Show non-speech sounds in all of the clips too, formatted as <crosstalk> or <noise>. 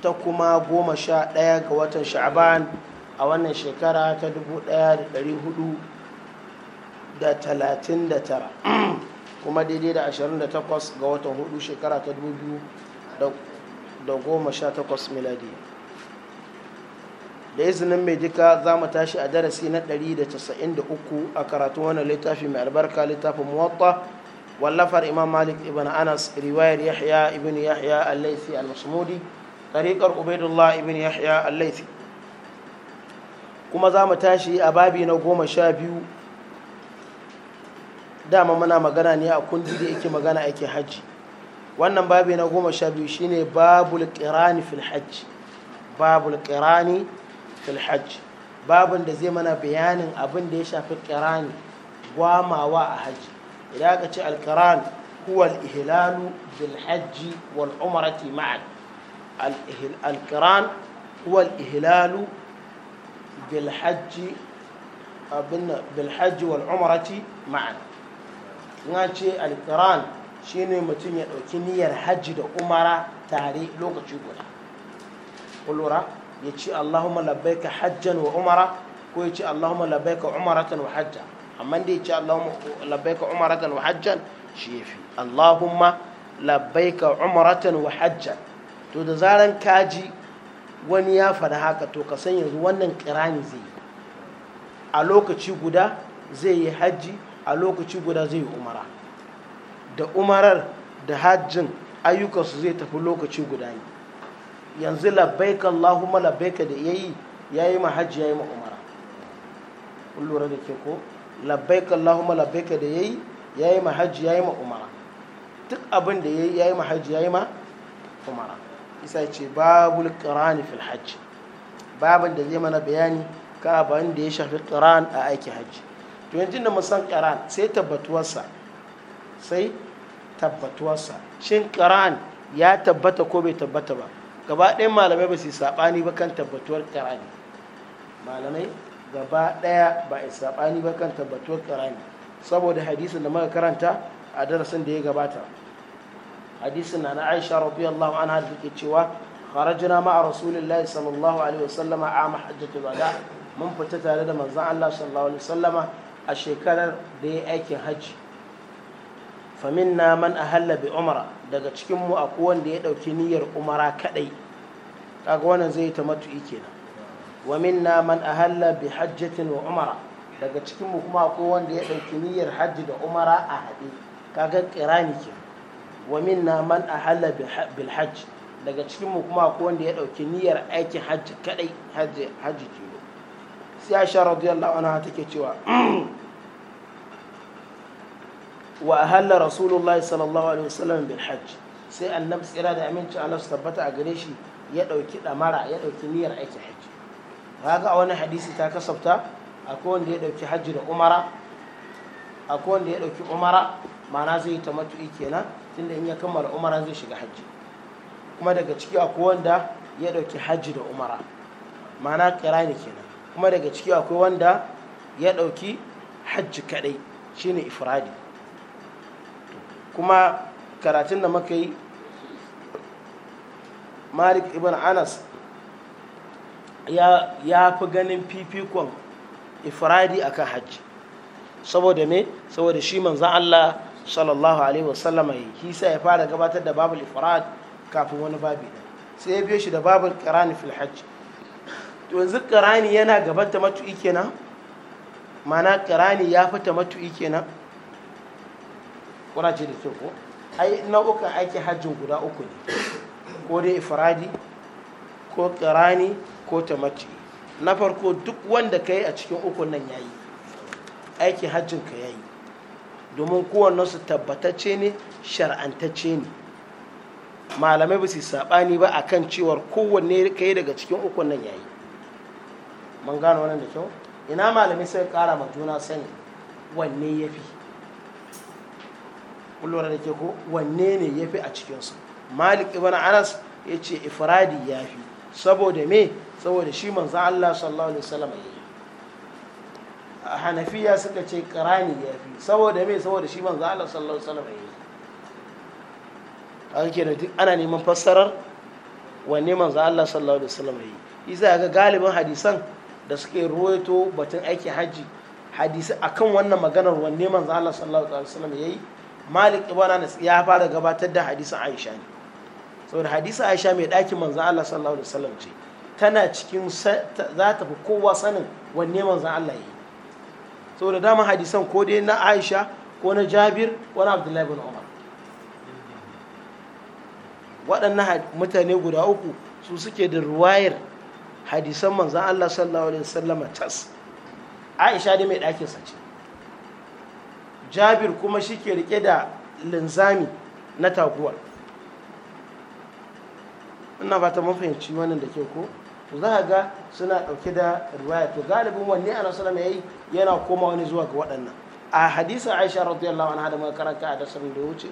ta kuma goma sha ɗaya ga watan sha'aban a wannan shekara ta 1439 <clears throat> kuma daidai da 28 ga watan hudu shekara ta 2018 miladi da izinin mai duka za mu tashi a darasi na 193 a karatun wannan littafi mai albarka littafin muwatta wallafar imam malik ibn anas riwayar yahya ibn yahya al-laythi al-masmudi al laythi al masmudi tariƙar ubaidullah ibn yahya a laifi kuma za mu tashi a babi na goma sha biyu dama muna magana ne a kundi da yake magana ake hajji wannan babi na goma sha biyu shine babul qirani fil hajji babul qirani fil hajji babin da zai mana bayanin abin da ya shafi qirani gwamawa a hajji idan aka ce al-qiran huwa al bil hajji wal umrati ma'an القران هو الإهلال بالحج بالحج والعمرة معا نعطي القران shine mutum ya ɗauki niyyar hajji da umara tare lokaci guda kulura ya ce allahumma labbaika wa umara ko ya ce allahumma labbaika umaratan wa hajja amma da ya ce allahumma umaratan wa umaratan wa to da zaran kaji wani ya faɗa haka to ka san yanzu wannan kirani zai yi a lokaci guda zai yi hajji a lokaci guda zai yi umara da umarar da hajjin ayyukansu zai tafi lokaci guda ne yanzu labbaika Allahumma labbaika da yayi yayi ma hajji yayi ma umara kun lura da ke ko labbaika Allahumma labbaika da yayi yayi ma hajji yayi ma umara duk abin da yayi yayi ma hajji yayi ma umara isa ce babul qirani fil hajj babin da zai mana bayani ka abin da ya shafi qiran a aiki hajji to yanzu da san qiran sai tabbatuwarsa sai tabbatuwarsa shin qiran ya tabbata ko bai tabbata ba gaba ɗaya malamai ba su yi saɓani ba kan tabbatuwar qirani malamai gaba ɗaya ba a saɓani ba kan tabbatuwar qirani saboda hadisin da muka karanta a darasin da ya gabata hadisin na Aisha radiyallahu anha da take cewa kharajna ma'a rasulillahi sallallahu alaihi wasallama a mahajjatul wada mun fita tare da manzon Allah sallallahu alaihi wasallama a shekarar da ya aikin hajji faminna man ahalla bi umra daga cikin mu akwai wanda ya dauki niyyar umara kadai kaga wannan zai ta matu'i kenan wa minna man ahalla bi hajjatin wa umara daga cikin mu kuma akwai wanda ya dauki niyyar hajji da umara a hade kaga kirani kenan wa na man a bil hajj daga cikin kuma akwai wanda ya dauki niyyar aikin hajji kadai hajji hajji kilo sai Aisha radiyallahu ta ke cewa <clears throat> wa ahalla rasulullahi sallallahu alaihi wasallam bil hajj sai annabi tsira da aminci ala su tabbata a gare shi ya dauki damara ya dauki niyyar aikin hajji kaga a wani hadisi ta kasafta akwai wanda ya dauki hajji da umara akwai wanda ya dauki umara ma'ana zai yi tamattu'i kenan tunda in ya kammala umara zai shiga hajji kuma daga ciki akwai wanda ya dauki hajji da umara ma'ana kirani kenan kuma daga ciki akwai wanda ya dauki hajji kaɗai shine ifradi kuma karatun da muka yi malik ibn anas ya, fi ganin fifikon ifradi akan hajji saboda me saboda shi manzan allah sallallahu alaihi wasallama yi sa ya fara gabatar da babul ifrad kafin wani babi da sai ya biyo shi da babul qirani fil hajj to yanzu qirani yana gaban tamattu'i kenan mana qirani ya fita tamattu'i kenan kuna ce da ko ai nau'ukan aiki hajjin guda uku ne ko dai ifradi ko qirani ko tamattu'i na farko duk wanda ka yi a cikin uku nan yayi aikin hajjin ka domin kowannensu tabbatacce ne shar'antacce ne malamai ba su saɓani ba a kan cewar kowanne kai daga cikin ukun nan yayi mun gano wannan da kyau ina malamai sai ƙara ma juna sani wanne ya fi kullum da ke ko wanne ne ya fi a cikinsu malik ibn anas ya ce ifradi ya fi saboda me saboda shi manzan allah sallallahu alaihi wasallam ya yi hanafiya suka ce karani ya fi saboda mai saboda shi manzo Allah sallallahu alaihi wasallam yayi kenan duk ana neman fassarar wanne manzo Allah sallallahu alaihi wasallam yi isa ga galibin hadisan da suke ruwaito batun aiki haji hadisi akan wannan maganar wanne manzo Allah sallallahu alaihi wasallam yayi Malik ibn Anas ya fara gabatar da hadisin Aisha ne saboda hadisin Aisha mai daki manzo Allah sallallahu alaihi wasallam ce tana cikin za ta fi kowa sanin wanne manzo Allah yayi saboda dama hadisan ko dai na aisha ko na jabir ko na abdullahi bin umar waɗannan mutane guda uku su suke da ruwayar hadisan manzan allah sallallahu alaihi wasallama tas aisha dai mai ɗakin sace jabir kuma shi ke rike da linzami na taguwar ina fata mafahimci wannan da ke ko za ga suna ɗauke da riwaya to galibin wanne ana sallama yayi yana koma wani zuwa ga waɗannan a hadisin aisha radiyallahu anha da muka karanta a dasirin da wuce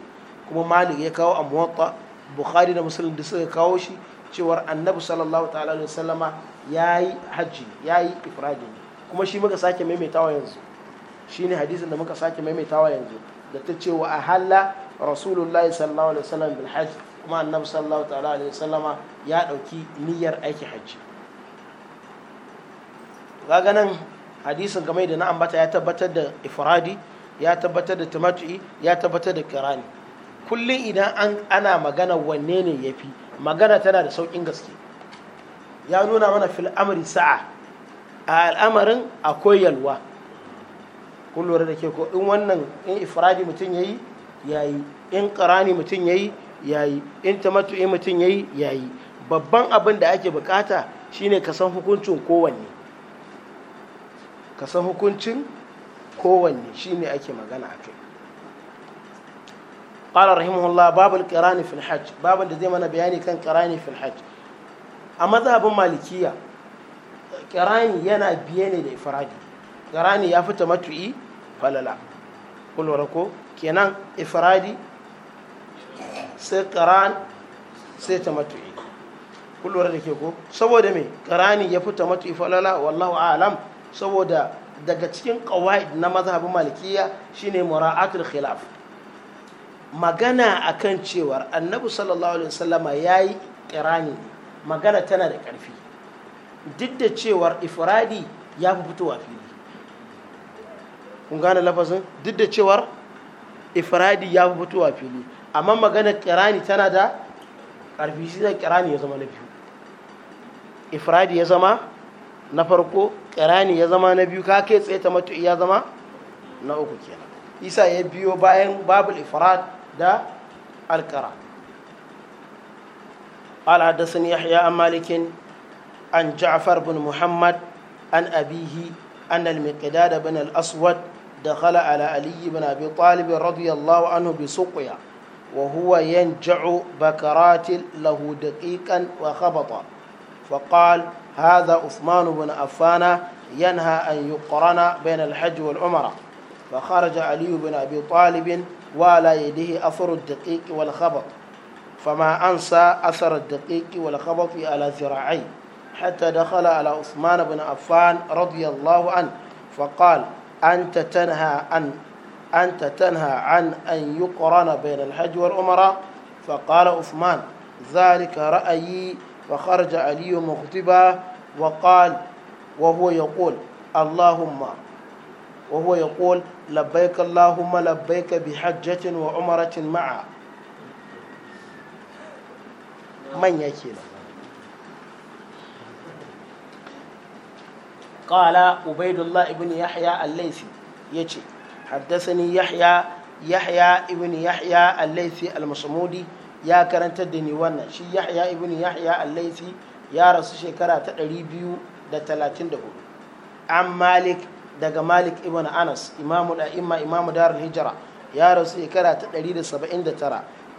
kuma malik ya kawo a muwatta bukhari da muslim da suka kawo shi cewar annabi sallallahu ta'ala alaihi wasallama yayi hajji yayi ifradi kuma shi muka sake maimaitawa yanzu shine hadisin da muka sake maimaitawa yanzu da ta ce wa ahalla rasulullahi sallallahu alaihi wasallam bil hajj kuma annabi sallallahu ta'ala alaihi wasallama ya dauki niyyar aiki hajji kaga nan hadisin game da na ambata ya tabbatar da ifradi ya tabbatar da tumatu'i ya tabbatar da kirani kullum idan an ana magana wanne ne ya fi magana tana da sauƙin gaske ya nuna mana fil amri sa'a a al'amarin akwai yalwa kun da ke ko in wannan in ifradi mutum yayi yayi in kirani mutum yayi yayi in tumatu'i mutum yayi yayi babban abin da ake bukata shine ka san hukuncin kowanne ka san hukuncin kowanne shine ake magana a kai قال رحمه الله باب القران hajj الحج da zai mana bayani kan ƙirani fil hajj a mazhabin malikiya ƙirani yana biye ne da Ifiradi ƙirani ya fita matu'i falala kulwara ko kenan Ifiradi sai qiran sai ta matu'i kulwara da ke ko saboda me ƙirani ya fita matu'i falala wallahu a'lam saboda daga cikin qawaid na mazhabin malikiya shine mura'atul khilaf magana akan cewar annabi sallallahu alaihi wasallama yayi kirani magana tana da ƙarfi duk da cewar ifradi ya fi fitowa fili kun gane lafazin duk da cewar ifradi ya fi fitowa fili amma magana kirani tana da ƙarfi shi da kirani ya zama na biyu ifradi ya zama na farko karani ya zama na biyu ka kai tsaye ta matu'i ya zama na uku kenan isa ya biyo bayan babul ifrat da alkara قال حدثني يحيى عن مالك عن جعفر بن محمد عن أبيه أن المقداد بن الأسود دخل على علي بن أبي طالب رضي الله عنه بسقيا وهو ينجع بكرات له دقيقا وخبطا فقال هذا عثمان بن عفان ينهى أن يقرن بين الحج والعمرة فخرج علي بن أبي طالب وعلى يده أثر الدقيق والخبط فما أنسى أثر الدقيق والخبط على ذراعيه حتى دخل على عثمان بن عفان رضي الله عنه فقال أنت تنهى عن أنت تنهى عن أن يقرن بين الحج والعمرة فقال عثمان ذلك رأيي فخرج علي مغضبا وقال وهو يقول اللهم وهو يقول لبيك اللهم لبيك بحجة وعمرة معا من يكيل قال عبيد الله بن يحيى الليثي يجي حدثني يحيى يحيى ابن يحيى الليثي المصمودي يا كرنت الدنيا وانا شي يحيى ابن يحيى الليثي ya rasu shekara ta 234 an malik daga malik ibn anas imamu imma imamu darul hijira ya rasu shekara ta 179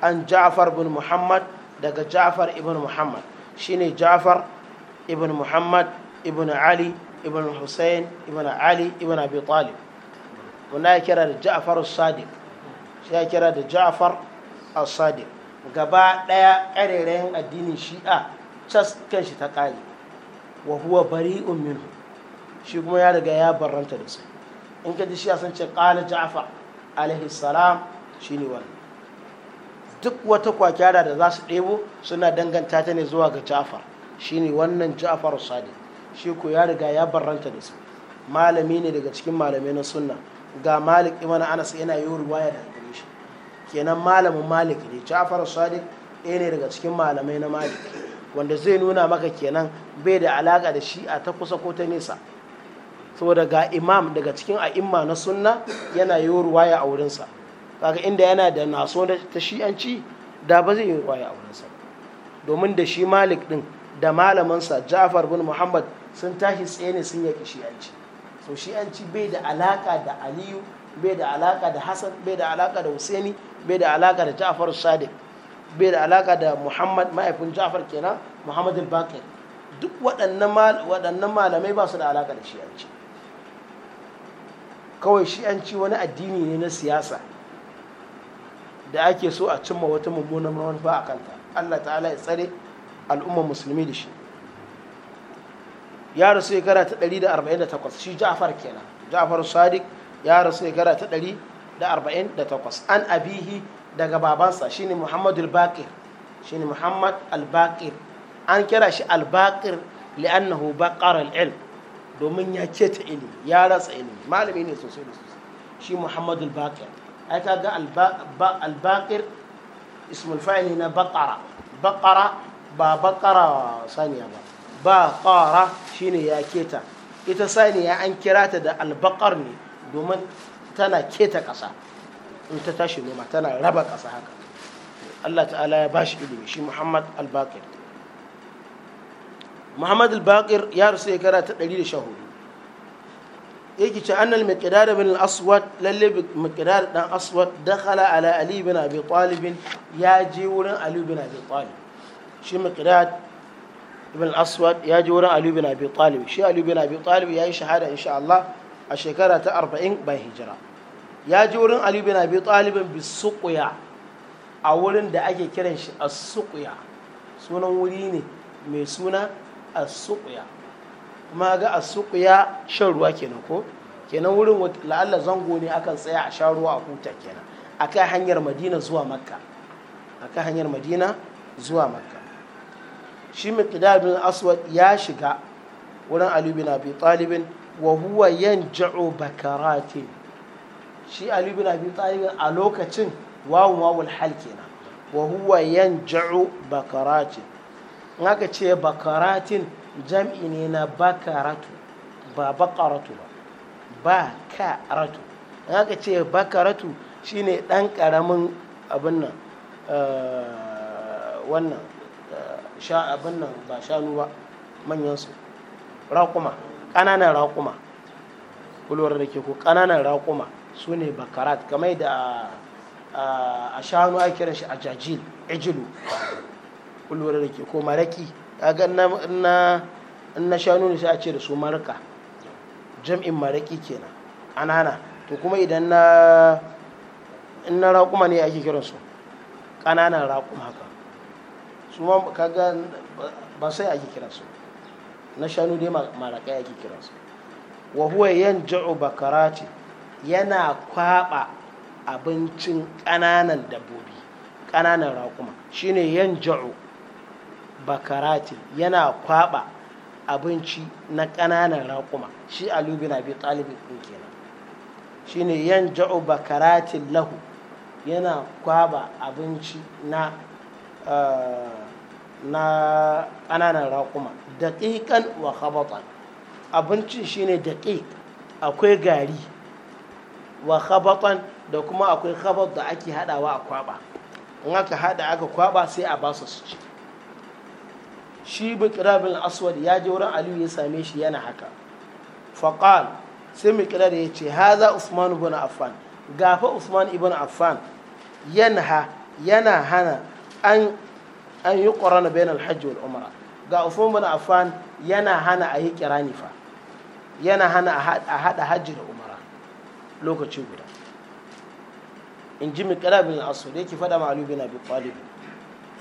an ja'far bin muhammad daga ja'far ibn muhammad shine ja'far ibn muhammad ibn ali ibn hussein ibn ali ibn abi talib wanda ya kira da ja'far sadiq shi ya kira da ja'far as-sadiq gaba daya ƙarerayen addinin shi'a cas kanshi ta ƙare wa huwa bari'un minhu shi kuma ya riga ya barranta da su in ka ji shi san ce kala ja'fa alaihi salam shine wannan duk wata kwakyara da za su ɗebo suna danganta ta ne zuwa ga ja'far shine wannan ja'far sadiq shi ko ya riga ya barranta da su malami ne daga cikin malamai na sunna ga malik ibn anas yana yi ruwaya da gare shi kenan malamin malik ne ja'far sadiq ɗaya ne daga cikin malamai na malik wanda zai nuna maka kenan bai da alaka da shi'a ta kusa ko ta nesa saboda ga imam daga cikin a'imma na sunna yana yi ruwaya a wurinsa kaga inda yana da naso ta shi'anci da ba zai yi ruwaya a wurinsa domin da shi malik din da malamansa ja'far bin muhammad sun tashi tsaye sun yaki shi'anci so shi'anci bai da alaka da aliyu bai da alaka da hassan bai da alaka da husaini bai da alaka da ja'far sadiq bai da alaka da muhammad Ma'aifin ja'far kenan muhammad al-bakir duk waɗannan malamai ba su da alaka da shi'anci kawai shi'anci wani addini ne na siyasa da ake so a cimma wata mummunan manufa a kanta allah ta'ala ya tsare al'ummar musulmi da shi ya rasu shekara ta 148 shi ja'far kenan ja'far sadiq ya rasu shekara ta 148 an abihi daga babansa shine Muhammad al-Baqir shine Muhammad al-Baqir an kira shi al-Baqir li'annahu baqara al-ilm domin ya ta ilimi ya rasa ilimi malami ne sosai da sosai shi Muhammad al-Baqir ai ga al-Baqir ismul fa'il na baqara baqara ba baqara saniya ba baqara shine ya keta ita saniya an kira ta da al-baqar ne domin tana keta ƙasa in ta tashi noma tana raba ƙasa haka Allah ta'ala ya bashi ilimi shi Muhammad al-Baqir Muhammad al-Baqir ya rasu shekara ta 114 yake ce annal miqdad bin al-aswad lalle miqdad dan aswad dakhala ala ali bin abi talib ya je wurin ali bin abi talib shi miqdad ibn al-aswad ya je wurin ali bin abi talib shi ali bin abi talib ya yi shahada insha Allah a shekara ta 40 bayan hijira ya ji wurin ali bin abi talibin bi suqya a wurin da ake kiran shi as-suqya sunan wuri ne mai suna as-suqya kuma ga as-suqya shan ruwa kenan ko kenan wurin la'alla zango ne akan tsaya a sha ruwa a huta kenan akan hanyar madina zuwa makka akan hanyar madina zuwa makka shi miqdad bin aswad ya shiga wurin ali bin abi talibin wa huwa yanja'u bakaratin shi ali bin abi talib a lokacin wawun wawul hal kenan wa huwa yanja'u bakaratin in aka ce bakaratin jam'i ne na bakaratu ba bakaratu ba bakaratu in aka ce bakaratu shine dan karamin abin nan eh, wannan eh, sha abin nan ba shanu ba manyan su raƙuma ƙananan raƙuma kulwar da ke ku ƙananan raƙuma su ne bakarat kamar da a shanu a kiran shi a jajil ijilu kullum da ke ko maraki kaga na na shanu ne sai a ce da su maraka jam'in maraki kenan ƙanana to kuma idan na na raƙuma ne ake kiran su ƙananan raƙuma haka su ma kaga ba sai ake kiran su na shanu dai maraƙai ake kiran su wa huwa yanja'u bakarati yana kwaɓa abincin ƙananan dabbobi ƙananan raƙuma shine yan ja'u bakarati yana kwaɓa abinci na ƙananan raƙuma shi alubi na bi ɗalibin ɗin kenan shine yan ja'u bakarati lahu yana kwaɓa abinci na eh, na ƙananan raƙuma daƙiƙan wa khabatan abincin shine daƙiƙ akwai gari wa khabatan da kuma akwai khabat da ake hadawa a kwaba in aka hada aka kwaba sai a basu su ci shi bikira aswad ya je wurin aliyu ya same shi yana haka faqal sai mikira da ya ce haza usman ibn affan gafa usman ibn affan yanha yana hana an an yi ƙorana bayan alhaji wal umara ga usman ibn affan yana hana a yi kirani fa yana hana a hada hajji da umara lokaci guda in ji mikala bin da yake fada ma aliyu bin abi talib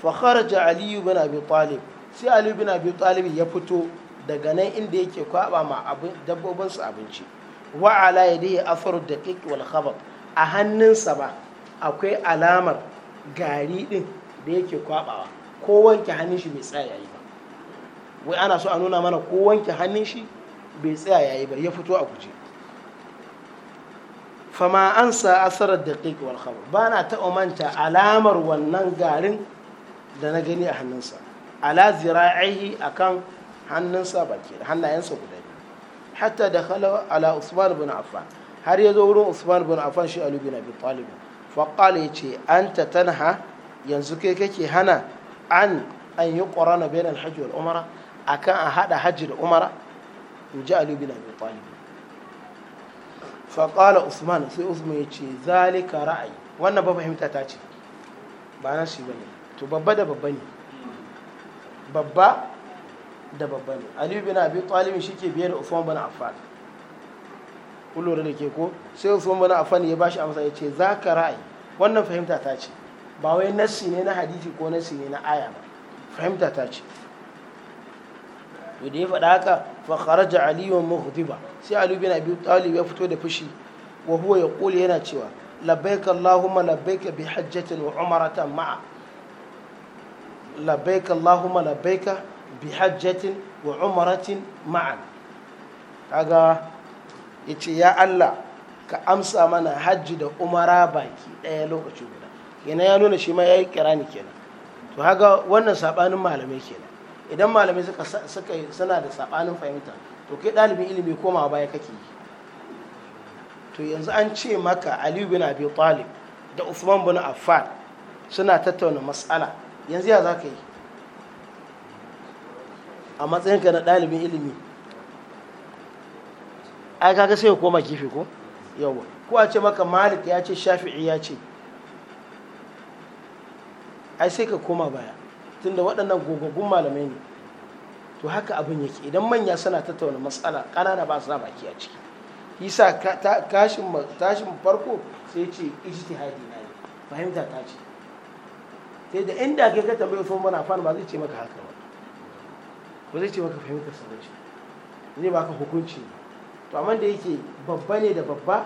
fa kharaja aliyu bin abi talib sai aliyu bin abi talib ya fito daga nan inda yake kwaba ma su abinci wa ala yadihi afaru daqiq wal khabat a hannunsa ba akwai alamar gari din da yake kwabawa ko wanke hannun shi bai tsaya yayi ba wai ana so a nuna mana ko wanke hannun shi bai tsaya yayi ba ya fito a guje fama an sa asarar da wal khabar ba na ta manta alamar wannan garin da na gani a hannunsa ala zira'ihi akan hannunsa baki hannayensa guda biyu hatta da khala ala usman bin affan har ya zo wurin usman bin affan shi ali bin abi talib faqala yace anta tanha yanzu kai kake hana an an yi qurana bainal hajji wal umara akan a hada hajji da umara in ji ali bin abi talib faƙala usman sai usman ya ce zalika ra'ayi wannan ba fahimta ta ce ba na shi bane to babba da babba ne babba da babba ne aliyu bin abi talibin shi ke biye da usman bin affan kun lura da ke ko sai usman bin affan ya bashi amsa ya ce za ka ra'ayi wannan fahimta ta ce ba wai nassi ne na hadisi ko nassi ne na aya ba fahimta ta ce to da ya faɗa haka fa kharaja aliyu sai ali bin abi talib ya fito da fushi wa huwa yaqulu yana cewa labbaik allahumma bi hajjatin wa umratan ma'a labbaik allahumma bi hajjatin wa umratin ma'a kaga yace ya Allah ka amsa mana hajji da umara baki ɗaya lokaci guda ya nuna shi ma yayi kirani kenan to haga wannan sabanin malamai kenan idan malamai suka suka suna da sabanin fahimta to kai dalibin ilimi koma baya kake to yanzu an ce maka Aliyu bin Abi Talib da Uthman bin Affan suna tattauna mas'ala yanzu ya zaka yi a matsayinka na dalibin ilimi ai kaga sai ka koma kifi ko yawa ko a ce maka Malik ya ce Shafi'i ya ce ai sai ka koma baya tunda waɗannan gogaggun malamai ne to haka abin yake idan manya suna tattauna matsala ƙanana ba su baki a ciki isa tashin farko sai ce haidi na ne fahimta ta ce sai da inda kai ka tambayi tsohon mana fan ba zai ce maka haka ba ba zai ce maka fahimta sa ce zai baka hukunci to amma da yake babba ne da babba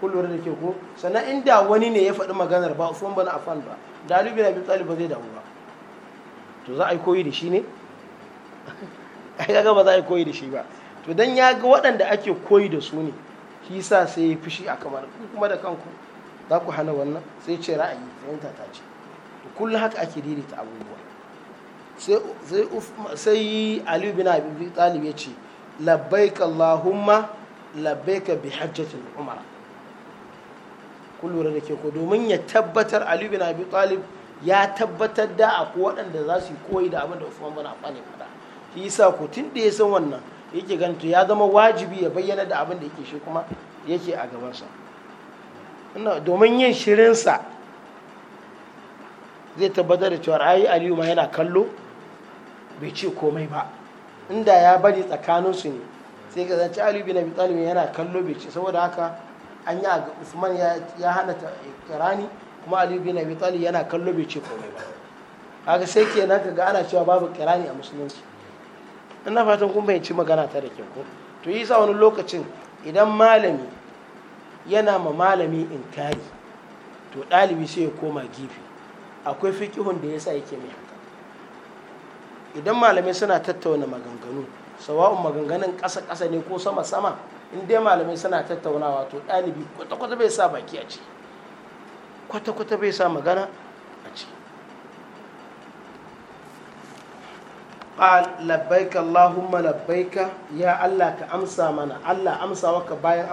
kullum da ke ko sannan inda wani ne ya faɗi maganar ba tsohon bana fan ba da alibi bin Abi Talib ba zai damu ba to za a yi koyi da shi ne ai yi ba za a yi koyi da shi ba to don ya ga waɗanda ake koyi da su ne shi sa sai ya fishi a kamar kuma da kanku za ku hana wannan sai ce ra'ayi fahimta ta ce to kullum haka ake daidaita abubuwa sai sai Ali bin Abi Talib ya ce labbaik Allahumma labbaik bi hajjatil umara kun lura da ke ko domin ya tabbatar Ali bin Abi Talib ya tabbatar da akwai waɗanda za su yi koyi da abin da Uthman bin Affan ya faɗa shi yasa ko tun da ya san wannan yake ganin to ya zama wajibi ya bayyana da abin da yake shi kuma yake a gabansa domin yin shirinsa zai tabbatar da cewa ayi aliyu ma yana kallo bai ce komai ba inda ya bari tsakaninsu ne sai ka zance aliyu bin abi talib yana kallo bai ce saboda haka an yi a usman ya hana kirani kuma ali bin abi talib yana kallo bai ce komai ba kaga sai kenan ga ana cewa babu kirani a musulunci ina fatan kun bayyanci magana ta da ke ko to yi sa wani lokacin idan malami yana ma malami inkari to ɗalibi sai ya koma gifi. akwai fikihun da yasa yake mai haka idan malamai suna tattauna maganganu sawa'un maganganun ƙasa-ƙasa ne ko sama-sama in dai malamai suna tattaunawa to ɗalibi kwata-kwata bai sa baki a ciki kwata-kwata bai sa magana a ciki labbaika لبيك اللهم لبيك allah الله كأمسى منا الله أمسى وك باين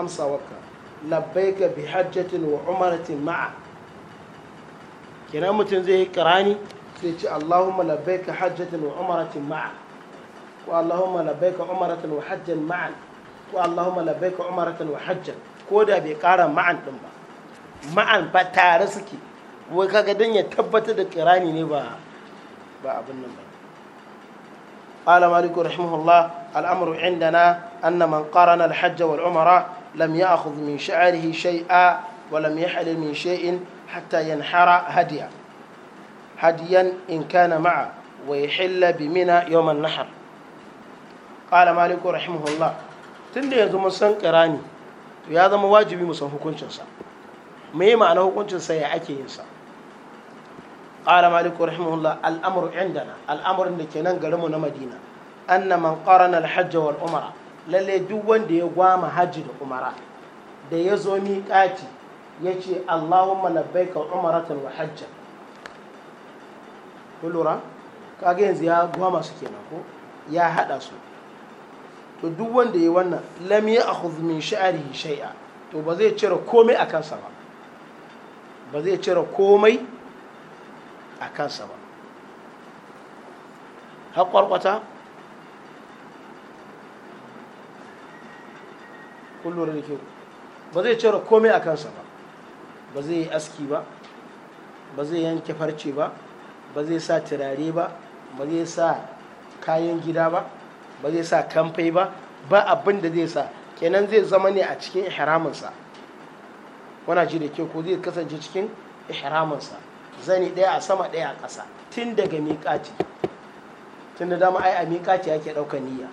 labbaika bi hajjatin wa umaratin ma'a kenan mutum zai yi karani sai ce allahumma labbaika hajjatin wa umaratin ma'a ko allahumma labbaika umaratin wa hajjan ma'a ko Allahumma labbaika umratan wa hajjan ko da bai kara ma'an din ba ma'an ba tare suke wai kaga dan ya tabbatar da kirani ne ba ba abin nan ba قال مالك رحمه الله الأمر عندنا أن من قارن الحج والعمرة لم يأخذ من شعره شيئا ولم يحل من شيء حتى ينحر هديا هديا إن كان معه ويحل بمنى يوم النحر قال مالك رحمه الله tun da yanzu mun san ƙirani to ya zama wajibi mu san hukuncinsa mu yi ma'ana hukuncinsa ya ake yinsa ƙara maliku rahimahullah al'amur indana al'amurin da ke nan mu na madina anna man qarana al-hajj wal umara lalle duk wanda ya gwama hajji da umara da ya zo kati ya ce allahumma labbaika umaratan wa hajja ku lura kaga yanzu ya gwama su kenan ko ya haɗa su to duk wanda ya wannan lam ya a min sha'rihi shay'a to ba zai cire komai a kansa ba ba zai cire komai a kansa ba haƙwarƙwata kullum da ke ba zai cire komai a kansa ba ba zai yi aski ba ba zai yanke farce ba ba zai sa turare ba ba zai sa kayan gida ba ba zai sa kamfai ba ba abin da zai sa kenan zai zama ne a cikin ihraminsa wana ji da ke ko zai kasance cikin ihraminsa zani ɗaya a sama ɗaya a ƙasa tun daga miƙati tun da dama ai a miƙati ake ɗaukar niyya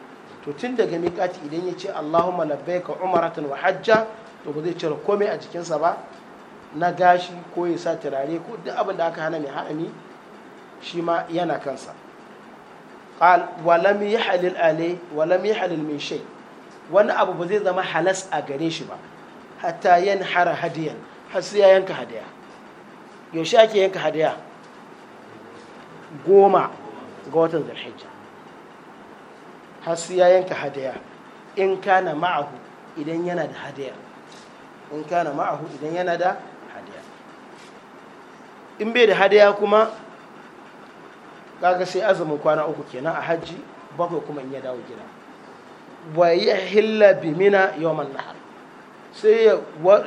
to tun daga miƙati idan ya ce allahumma labbaika umaratan wa hajja to ba zai cire komai a jikinsa ba na gashi ko ya sa turare ko duk abin da aka hana mai ha'ani shi ma yana kansa qal walam yahlil wa walam yahlil min shay wani abu ba zai zama halas a gare shi ba hatta hara hadiyan har sai ya yanka hadiya yaushe ake yanka hadiya goma ga watan zulhijja har sai ya yanka hadiya in kana ma'ahu idan yana da hadiya in kana ma'ahu idan yana da hadiya in bai da hadiya kuma kaga sai azumin kwana uku kenan a hajji bakwai kuma in ya dawo gida wa ya hilla bi mina yawman nahar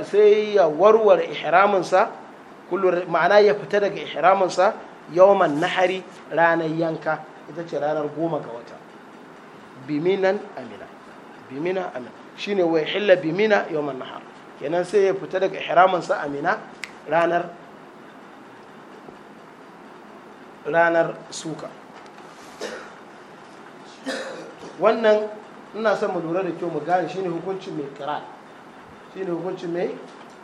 sai ya warware sa kullum ma'ana ya fita daga ihraminsa yawman nahari ranar yanka ita ce ranar goma ga wata biminan amina bimina amina shine wa ya hilla bimina yawman nahar kenan sai ya fita daga sa amina ranar ranar suka wannan ina son mu lura da kyau mu gane shine hukuncin mai kiran shine hukuncin mai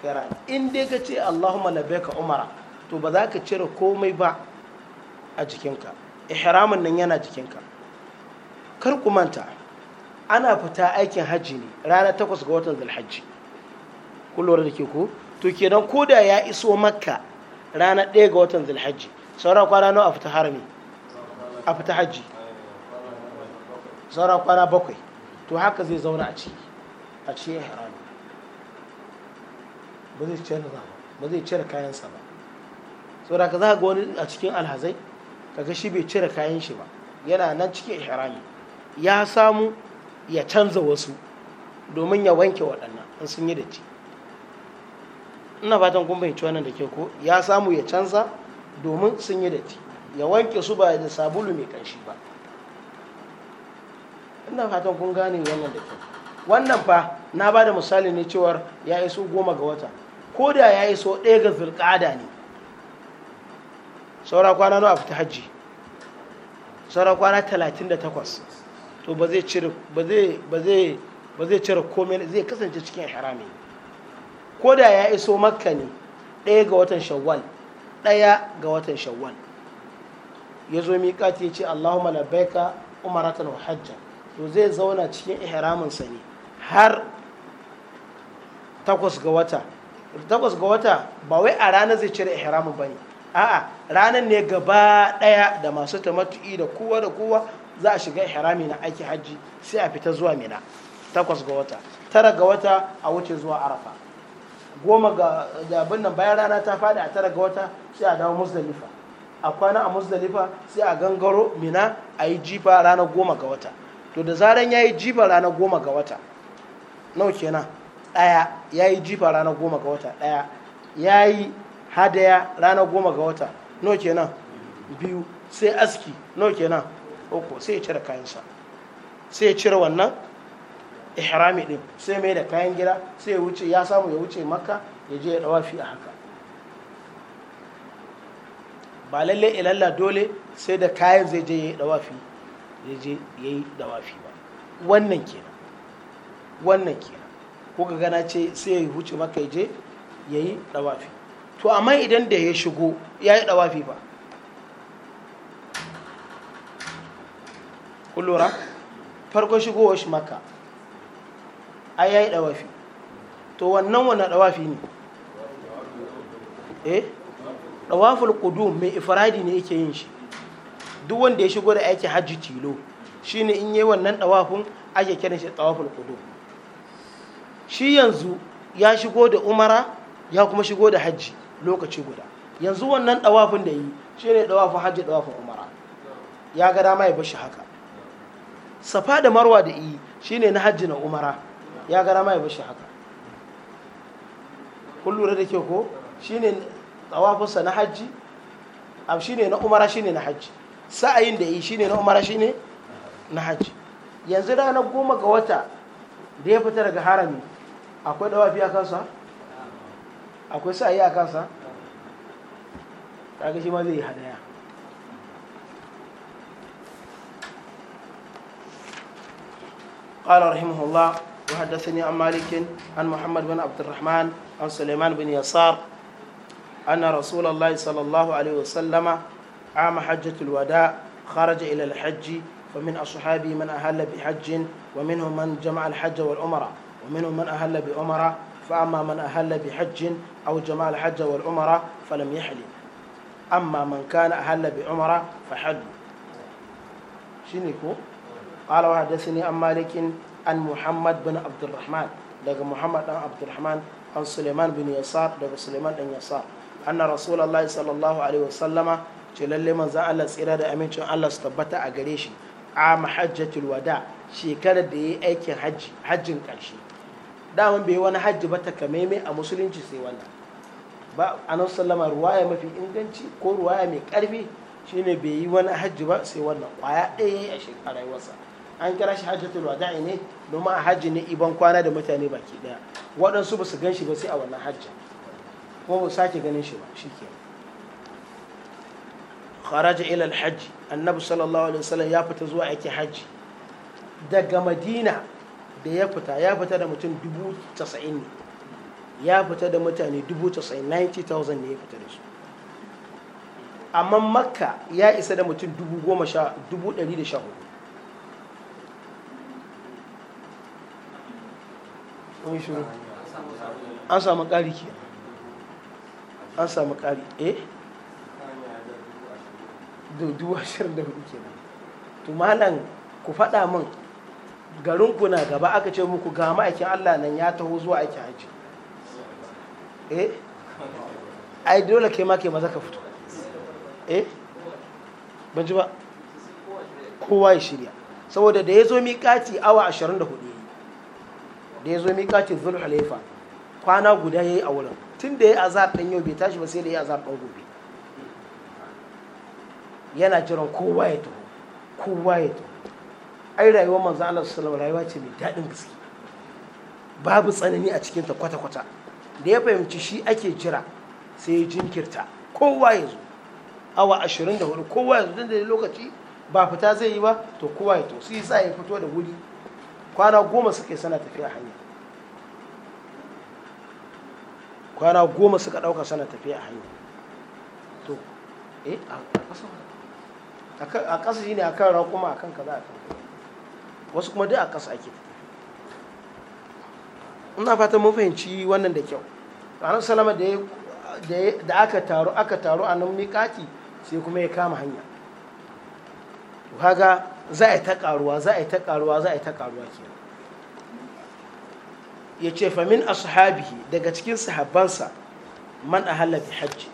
kiran in dai ka ce Allahumma labbaika umara to ba za ka cire komai ba a jikinka ihramin nan yana jikinka kar ku manta ana fita aikin hajji ne ranar takwas ga watan zulhajji kun da ke ku to kenan ko da ya iso makka ranar ɗaya ga watan zulhajji sauran kwana nawa a fita harami a fita hajji saura kwana bakwai to haka zai zauna a ciki a cikin harami ba zai cire zama ba zai cire kayansa ba saboda ka za ga wani a cikin alhazai kaga shi bai cire kayan shi ba yana nan cikin harami ya samu ya canza wasu domin ya wanke waɗannan in sun yi da ci ina fatan kun bai wannan da ke ko ya samu ya canza domin sun yi datti ya wanke su ba da sabulu mai kanshi ba ina fatan kun gane wannan da kyau wannan fa na ba da misali ne cewar ya iso goma ga wata ko da ya iso ɗaya ga zulƙada ne saura kwana nawa fita hajji saura kwana 38 to ba zai cire ba zai ba zai ba zai cire komai zai kasance cikin harami ko da ya iso makka ne ɗaya ga watan shawwal ɗaya ga watan shawwal ya zo miƙati ya ce allahumma labbaika umaratan wa to zai zauna cikin ihraminsa ne har takwas ga wata takwas ga wata ba wai a ranar zai cire ihramin ba ne a'a ranar ne gaba ɗaya da masu ta tamattu'i da kowa da kowa za a shiga ihrami na aiki hajji sai a fita zuwa mina takwas ga wata tara ga wata a wuce zuwa arafa goma ga abin nan bayan rana ta faɗi a tara ga wata sai a dawo musdalifa a kwana a musdalifa sai a gangaro mina a yi jifa ranar goma ga wata to da zaran ya yi jifa ranar goma ga wata nau kenan ɗaya ya yi jifa ranar goma ga wata ɗaya ya yi hadaya ranar goma ga wata nau kenan biyu sai aski nau kenan uku sai ya cire kayansa sai ya cire wannan ihrami din sai mai da kayan gida sai wuce ya samu ya wuce makka ya je ya dawafi a haka ba lalle ilalla dole sai da kayan zai je ya yi dawafi ya je ya yi dawafi ba wannan kenan wannan kenan ko ka gana ce sai ya wuce maka ya je ya yi dawafi to amma idan da ya shigo ya yi dawafi ba kullura farko shigo shi maka ai yayi dawafi to wannan wannan dawafi ne eh dawaful qudum mai ifradi ne yake yin shi duk wanda ya shigo da aiki hajji tilo shine in yayi wannan ɗawafin ake kiran shi dawaful qudum shi yanzu ya shigo da umara ya kuma shigo da hajji lokaci guda yanzu wannan ɗawafin da yi shine ɗawafin hajji ɗawafin umara ya ga dama ya bashi haka safa da marwa da yi shine na hajji na umara ya gara ma ya bashi haka kun lura da ke ko shine tsawafinsa na hajji abu shine na umara shine na hajji sa'ayin da yi shine na umara shine na hajji yanzu ranar goma ga wata da ya fita daga harami akwai dawafi a kansa akwai sa'ayi a kansa ta shi ma zai yi hadaya قال رحمه الله وحدثني عن مالك عن محمد بن عبد الرحمن عن سليمان بن يسار أن رسول الله صلى الله عليه وسلم عام حجة الوداع خرج إلى الحج فمن أصحابه من أهل بحج ومنهم من جمع الحج والعمرة ومنهم من أهل بعمرة فأما من أهل بحج أو جمع الحج والعمرة فلم يحل أما من كان أهل بعمرة فحل شنو قال وحدثني عن مالك an muhammad bin Abdulrahman daga muhammad dan Abdulrahman an suleiman bin yasar daga suleiman dan yasar anna rasulullahi sallallahu alaihi wasallama ce lalle manzon Allah tsira da amincin Allah su tabbata a gare shi a mahajjatul wada shekarar da yi aikin hajji hajjin karshe daman bai wani hajji ba takamaimai a musulunci sai wannan ba nan sallama ruwaya mafi inganci ko ruwaya mai karfi shine bai yi wani hajji ba sai wannan kwaya ɗaya a rayuwarsa an kira shi hajjatul wada'i ne domin a hajji ne iban kwana da mutane baki daya waɗansu ba su gan shi ba sai a wannan hajji kuma ba sake ganin shi ba shi ke kharaja ila hajji annabi sallallahu alaihi wasallam ya fita zuwa yake hajji daga madina da ya fita ya fita da mutum dubu casa'in ne ya fita da mutane dubu casa'in 90,000 ne ya fita da su amma makka ya isa da mutum dubu goma sha dubu ɗari da sha hudu kun an samu ƙari ke an samu ƙari eh da dubu da hudu ke to malam ku faɗa min garin ku na gaba aka ce muku ga ma'aikin Allah nan ya taho zuwa aiki a eh ai dole kai ma kai maza ka fito eh ban ji ba kowa ya shirya saboda da ya zo miƙati awa 24 da ya zo miƙatin zul halifa kwana guda ya yi a wurin tun da ya yi azar ɗan yau bai tashi ba sai da ya yi azar ɗan gobe yana jiran kowa ya taho kowa ya taho ai rayuwar manzo Allah sallallahu rayuwa ce mai daɗin gaske babu tsanani a cikinta kwata-kwata da ya fahimci shi ake jira sai ya jinkirta kowa ya zo awa ashirin da hudu kowa ya zo da lokaci ba fita zai yi ba to kowa ya to sai sa ya fito da wuri kwana goma suke sana tafiya hanya kwana goma suka ɗauka sana tafiya a hanya to eh a ƙasa shine a kan rakuma a kan kaza a kan wasu kuma dai a ƙasa ake ina fata mun fahimci wannan da kyau ranar salama da aka taru aka taru a nan miƙati sai kuma ya kama hanya kaga za a yi ta ƙaruwa za a yi ta ƙaruwa za a yi ta ƙaruwa kenan ya ce famin ashabihi daga cikin sahabbansa man a halabi hajji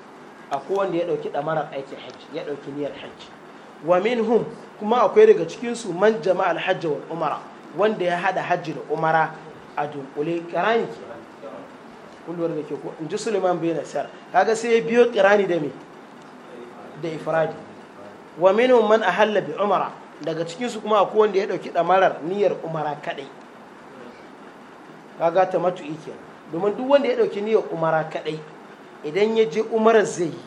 akwai wanda ya ɗauki ɗamarar aikin hajji ya ɗauki niyyar hajji wa min hum kuma akwai daga cikinsu man jama'al hajji wa umara wanda ya hada hajji da umara a dunkule kirani ke kullum da ke ko in ji suleiman bai nasar kaga sai ya biyo kirani da me da ifradi wa minhum man a halabi umara daga cikinsu kuma akwai wanda ya ɗauki ɗamarar niyyar umara kaɗai kaga ta matu ke domin duk wanda ya dauki niyyar umara kadai idan ya je umara zai yi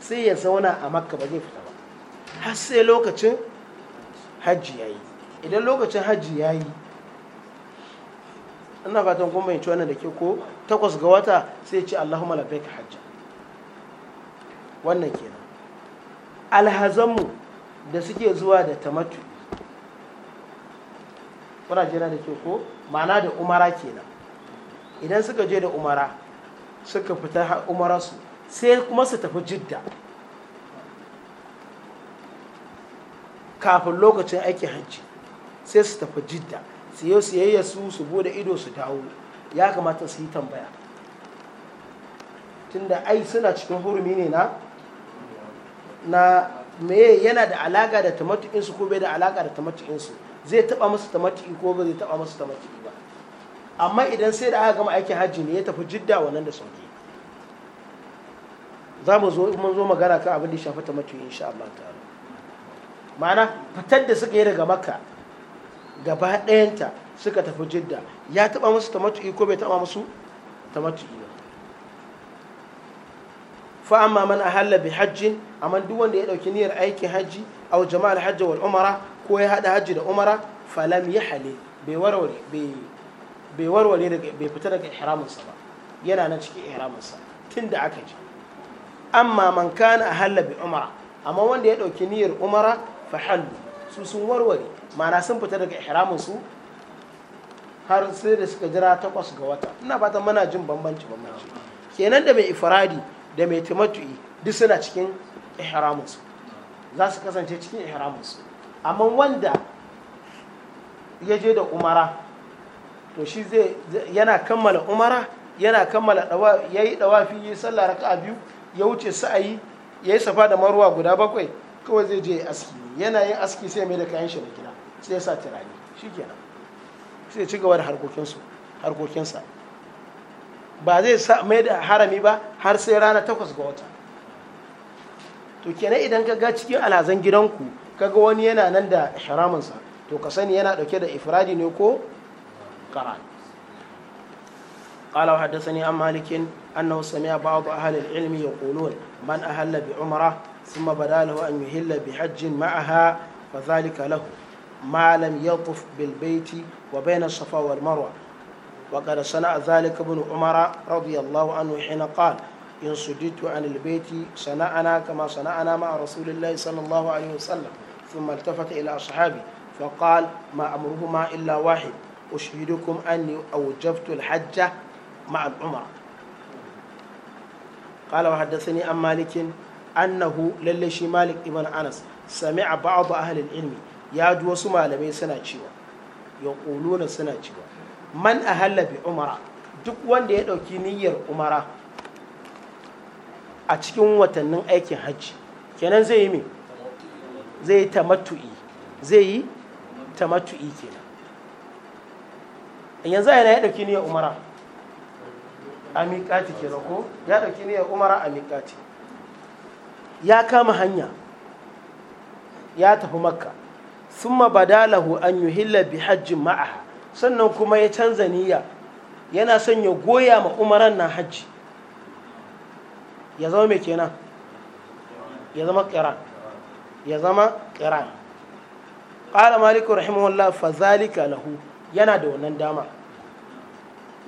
sai ya zauna a makka ba zai fita ba har sai lokacin hajji ya yi idan lokacin hajji ya yi ina fatan kun bayanci wannan da ke ko takwas ga wata sai ce allahumma labbaika hajja wannan kenan alhazanmu da suke zuwa da tamattu kuna jira da ke ko ma'ana da umara kenan idan suka je da umara suka fita umararsu sai kuma su tafi jidda kafin lokacin aikin hajji sai su tafi jidda su yi siyayya su su bude ido su dawo ya kamata su yi tambaya tunda ai suna cikin hurumi ne na na meye yana da alaka da tamatu'insu ko bai da alaka da tamatu'insu zai taba masu tamatu'i ko bai zai taba masu tamatu'i amma idan sai da aka gama aikin hajji ne ya tafi jidda wannan da sauki za mu zo mun zo magana kan abin da ya shafi tamattu insha Allah ta'ala ma'ana fitar da suka yi daga makka gaba ɗayanta suka tafi jidda ya taɓa musu tamattu ko bai taɓa musu ta ba fa amma man ahalla bi hajjin amma duk wanda ya ɗauki niyyar aikin hajji aw jama'al hajji wal umara ko ya hada hajji da umara falam yahli bai warware bai bai warware bai fita daga ihraminsa ba yana nan cikin ihraminsa tun da aka ji amma man kana halla bi umara amma wanda ya ɗauki niyyar umara fa hallu su sun warware mana sun fita daga ihraminsu har sai da suka jira takwas ga wata ina fatan muna jin bambanci bambanci kenan da mai ifradi da mai tumatu'i duk suna cikin ihraminsu za su kasance cikin ihraminsu amma wanda ya je da umara to shi zai yana kammala umara yana kammala ya yi dawa fi yi sallah raka'a biyu ya wuce sa'ayi ya yi safa da marwa guda bakwai kawai zai je aski yana yin aski sai mai da kayan shi na gida sai ya sa turare shikenan sai ci gaba da harkokinsa ba zai sa mai da harami ba har sai rana takwas ga wata to kenan idan ka ga cikin alhazan gidanku kaga wani yana nan da haraminsa to ka sani yana dauke da ifradi ne ko قران قال وحدثني عن مالك أنه سمع بعض أهل العلم يقولون من أهل بعمرة ثم بدا له أن يهل بحج معها فذلك له ما لم يطف بالبيت وبين الصفا والمروة وقد صنع ذلك ابن عمر رضي الله عنه حين قال إن صددت عن البيت صنعنا كما صنعنا مع رسول الله صلى الله عليه وسلم ثم التفت إلى أصحابه فقال ما أمرهما إلا واحد أشهدكم أني أوجبت الحج مع العمرة قال وحدثني عن مالك أنه للشي مالك ابن أنس سمع بعض أهل العلم يا جوس مالمي سنة شوى يقولون سنة شوى من أهل بعمرة duk wanda ya ɗauki niyyar umara a cikin watannin aikin hajji kenan zai yi me zai yi tamattu'i zai yi tamattu'i kenan yanzu yana ya ɗauki niyyar umara a miƙati ke ko ya ɗauki niyyar umara a miƙati ya kama hanya ya tafi makka summa badalahu an yuhilla bi hajjin ma'aha sannan kuma ya canza niyya yana son ya goya ma umaran na hajji ya zama mai kenan ya zama ƙiran ya zama ƙiran ƙara maliku rahimahullah fa zalika lahu yana da wannan dama,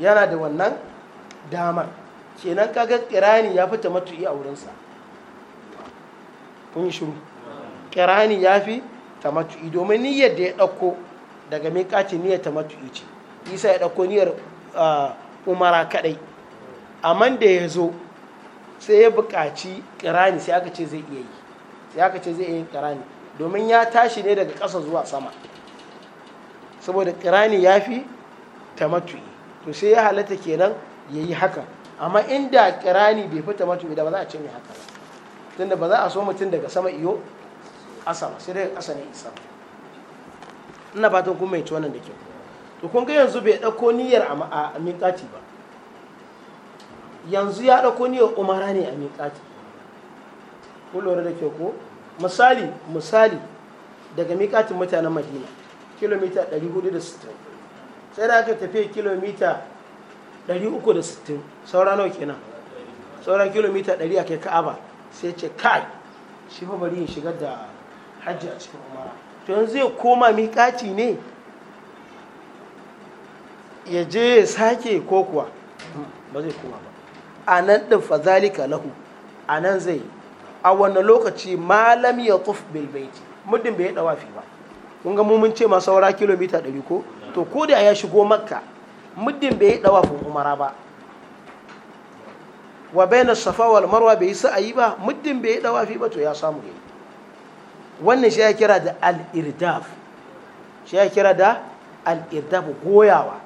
yana da wannan damar kenan kaga kirani ya fi matu'i a wurinsa kun yi shiru kirani ya fi ta matu'i domin niyyar da ya ɗauko daga miƙaci niyyar matu'i ce isa ya ɗauko niyyar umara kaɗai amma da ya zo sai ya buƙaci kirani sai aka ce zai iya yi sai aka ce zai iya yin kirani domin ya tashi ne daga ƙasa zuwa sama saboda ƙirani ya fi tamattu'i to sai ya halatta kenan ya yi haka amma inda ƙirani bai fi tamattu'i da ba za a cin mai haka ba tunda ba za a so mutum daga sama iyo asama sai dai ƙasa ne isa ina fatan kun mai wannan da kyau to kun ga yanzu bai ɗauko niyyar a miƙati ba yanzu ya ɗauko niyyar umara ne a miƙati kun lura da kyau ko misali misali daga miƙatin mutanen madina kilomita 460 sai da aka tafiya kilomita 360 saura nawa kenan saura kilomita 100 a kai ka'aba sai ce kai shi fa bari yin shigar da hajji a cikin umara to yanzu zai koma miƙaci ne ya je ya sake ko kuwa ba zai koma ba a nan ɗin fazalika lahu a nan zai a wannan lokaci malam ya tuf bilbaiti muddin bai yi ɗawafi ba kun ga mun ce ma saura kilomita ɗari ko to ko da ya shigo makka muddin bai yi dawafin umara ba wa bayna safa wal marwa bai yi sa'ayi ba muddin bai yi dawafi ba to ya samu yayi wannan shi ya kira da al-irdaf shi ya kira da al-irdaf goyawa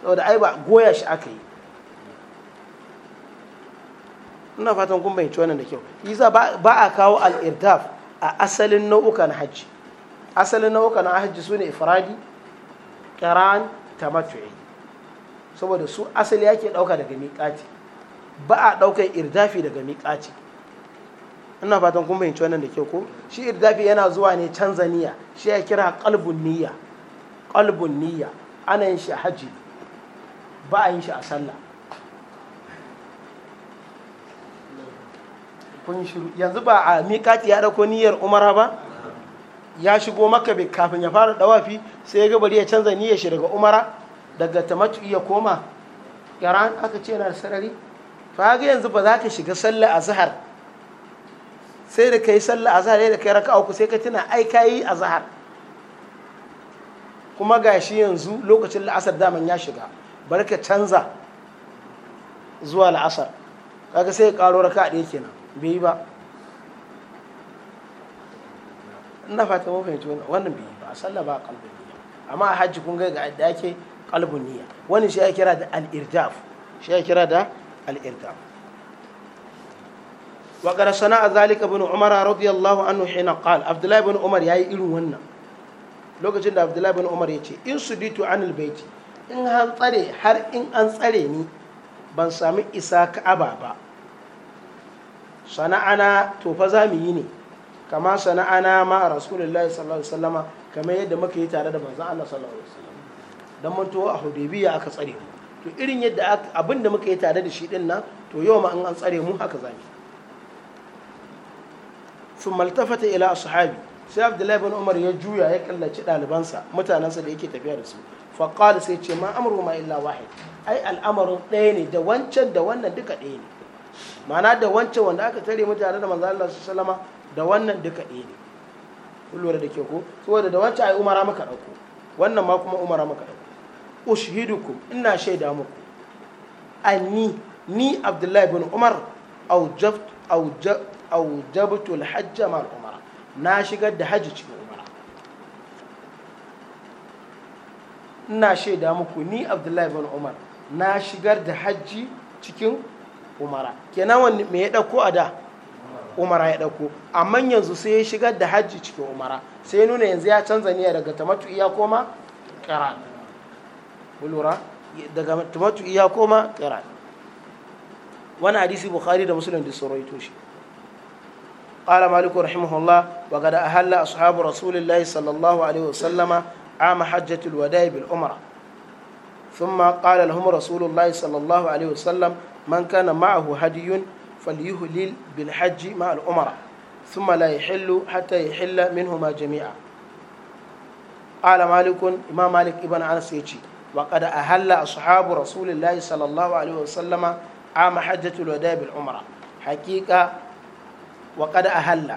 saboda ai ba goya shi aka yi ina fatan kun bayyance wannan da kyau yasa ba a kawo al-irdaf a asalin nau'ukan hajji asalin nau'uka na hajji su ne ifradi kiran tamattu'i saboda su asali yake ɗauka daga miƙaci ba a ɗaukar irdafi daga miƙaci. ina fatan kun fahimci wannan da ke ko shi irdafi yana zuwa ne canza niyya shi ya kira kalbun niyya kalbun niyya ana yin shi a hajji ba a yin shi a sallah kun shiru yanzu ba a miƙaci ya ɗauko niyyar umara ba ya shigo maka kafin ya fara dawafi sai ya gabari ya canza niyyar shi daga umara daga tamatu ya koma yaran aka ce yana da sarari fa ga yanzu ba za ka shiga sallar azhar sai da kai sallar azhar sai da kai raka'a uku sai ka tuna ai kai azhar kuma gashi yanzu lokacin la'asar daman ya shiga bari ka canza zuwa la'asar kaga sai ya karo raka'a ɗaya kenan bai yi ba ina fata mun fahimci wannan bi ba a sallah ba kalbun niyya amma a hajji kun ga da ake kalbun niyya wani shi ya kira da al-irdaf shi ya kira da al-irdaf wa qara sana'a zalika ibn umar radiyallahu anhu hina qala abdullahi ibn umar yayi irin wannan lokacin da abdullahi ibn umar yace in suditu anil baiti in an tsare har in an tsare ni ban sami isa ka'aba ba sana'ana to fa za mu yi ne kama sana'ana ma a rasulullahi sallallahu alaihi wasallama kamar yadda muka yi tare da manzon Allah sallallahu alaihi wasallam dan mun to a hudaybiya aka tsare mu to irin yadda abin da muka yi tare da shi din nan to yau ma an an tsare mu haka zaki. sun maltafata ila ashabi sai abdullahi bin umar ya juya ya kallaci dalibansa mutanensa da yake tafiya da su faƙali sai ce ma amru ma illa wahid ai al'amarin ɗaya ne da wancan da wannan duka ɗaya ne ma'ana da wancan wanda aka tare mutane da manzo Allah sallama da wannan duka ɗaya ne kullum da ke ko saboda da wancan ai umara maka ɗauko wannan ma kuma umara maka ɗauko ushhidukum ina shaida muku anni ni abdullahi bin umar aujabtul hajja mal umara na shigar da hajji cikin umara ina shaida muku ni abdullahi bin umar na shigar da hajji cikin umara kenan wani me ya ɗauko a da umara ya ɗauko amma yanzu sai ya shigar da hajji cikin umara sai ya nuna yanzu ya canza niyya daga iya koma bulura daga tamattu iya koma wani hadisi bukhari da musulun da sauraito shi قال مالك رحمه الله وقد أهل أصحاب رسول الله صلى الله عليه وسلم عام حجة الوداع بالأمرة ثم قال لهم رسول الله صلى الله عليه وسلم من كان معه هدي فليهلل بالحج مع الأمراء ثم لا يحل حتى يحل منهما جميعا قال مالك إمام مالك ابن أنس يجي وقد أهل أصحاب رسول الله صلى الله عليه وسلم عام حجة الوداع بالعمرة حقيقة وقد أهل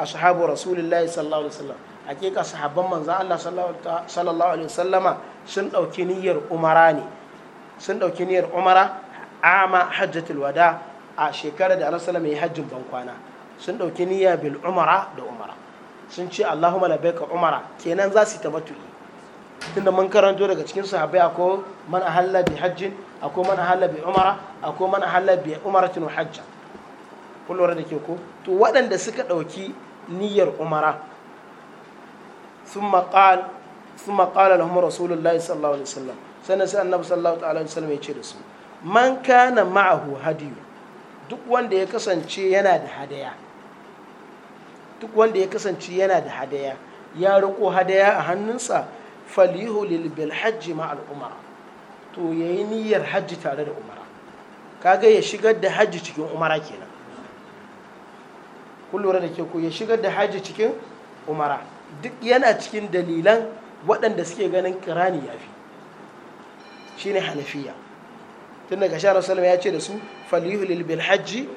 أصحاب رسول الله صلى الله عليه وسلم حقيقة صحابة من زال الله صلى الله عليه وسلم سن أو كنير أمراني سن أو كنير أمرة عام حجة الوداع a shekarar da annabi sallallahu alaihi hajjin ban kwana sun dauki niyya bil umara da umara sun ce allahumma labbaika umara kenan za su tamattu'i tunda mun karanto daga cikin sahabbai ko man ahalla bi hajjin ko man ahalla bi umara ko man ahalla bi umaratin hajja kullum da ke ko to waɗanda suka ɗauki niyyar umara sun maƙala lahum rasulullahi sallallahu alaihi wasallam sannan sai annabi sallallahu alaihi wasallam ya ce da su man kana ma'ahu hadiyu duk wanda ya kasance yana da hadaya duk wanda ya kasance yana da hadaya ya riko hadaya a hannunsa falihu lil bil hajji ma al umara to yayi niyyar hajji tare da umara kaga ya shigar da hajji cikin umara kenan kullu da ke ko ya shigar da hajji cikin umara duk yana cikin dalilan waɗanda suke ganin kirani ya shine hanafiya tun daga sha salama ya ce da su falihulil bil hajji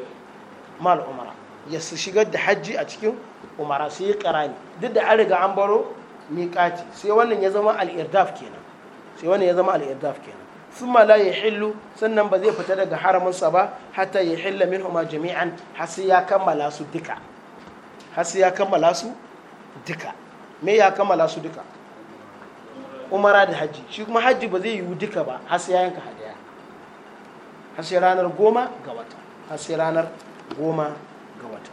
mal umara ya su shigar da hajji a cikin umara su yi karani duk da an riga an baro miƙati sai wannan ya zama al'irdaf kenan sai wannan ya zama al'irdaf kenan sun la ya hillu sannan ba zai fita daga haraminsa ba hatta ya hilla min huma jami'an Hasi ya kammala su duka Hasi ya kammala su duka me ya kammala su duka umara da hajji shi kuma hajji ba zai yi duka ba Hasi ya yanka hajji har sai ranar goma ga wata har sai ranar goma ga wata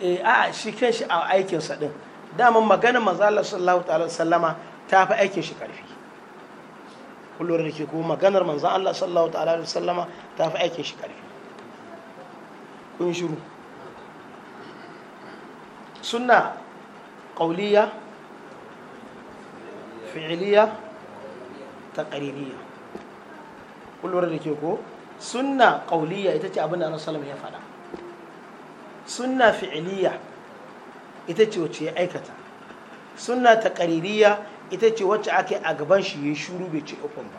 eh, a shi shi a aikinsa din daman magana manzo Allah sallallahu ta'ala sallama ta fi aikin shi karfi kullum da ke kuma maganar manzan Allah sallallahu ta'ala da sallama ta fi aikin shi ƙarfi kun shiru suna ƙauliya fi'iliya taqririyya kullum da ke ko suna ƙauliya ita ce abin da Annabi sallama ya faɗa suna fi'iliya ita ce wacce ya aikata sunna taqririyya ita ce wacce ake a gaban shi yi shuru bai ce ukun ba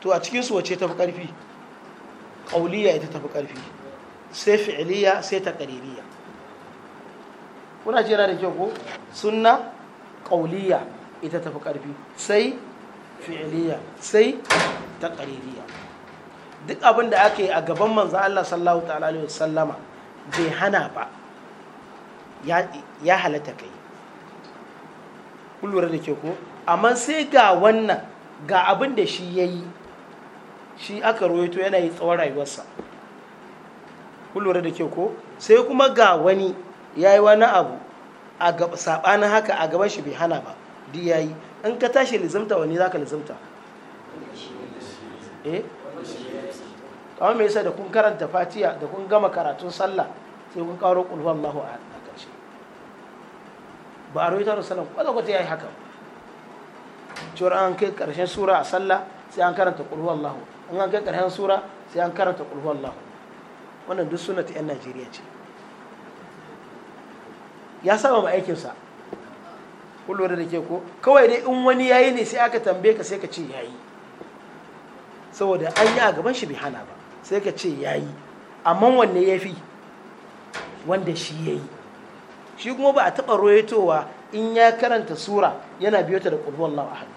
to a cikinsu wacce tafi ƙarfi ƙauliya ita tafi ƙarfi sai fi'iliya sai taƙaririya kuna jira da kyau ko suna ƙauliya ita tafi ƙarfi sai fi'iliya sai taƙaririya duk abin da ake a gaban manzan Allah sallallahu ta'ala alaihi bai hana ba ya halatta kai kun da ke ko amma sai ga wannan ga abin da shi ya yi shi aka roito yana yi tsawon rayuwarsa kun da ke ko sai kuma ga wani ya yi wani abu a saɓanin haka a gaban shi bai hana ba di ya yi in ka tashi lizimta wani za ka lizimta eh kawai mai yasa da kun karanta fatiya da kun gama karatun sallah sai kun karo kulhu allahu ba a rawaito salam kwata-kwata ya yi haka cewar an kai karshen sura a sallah sai an karanta ƙulhu allahu in an kai karshen sura sai an karanta ƙulhu allahu wannan duk suna ta 'yan najeriya ce ya saba ma aikinsa kullum da ke ko kawai dai in wani yayi ne sai aka tambaye ka sai ka ce yayi saboda an yi a gaban shi bai hana ba sai ka ce yayi amma wanne ya fi wanda shi yayi shi kuma ba a taɓa royatowa in ya karanta sura yana biyo ta da ƙulwallahu ahad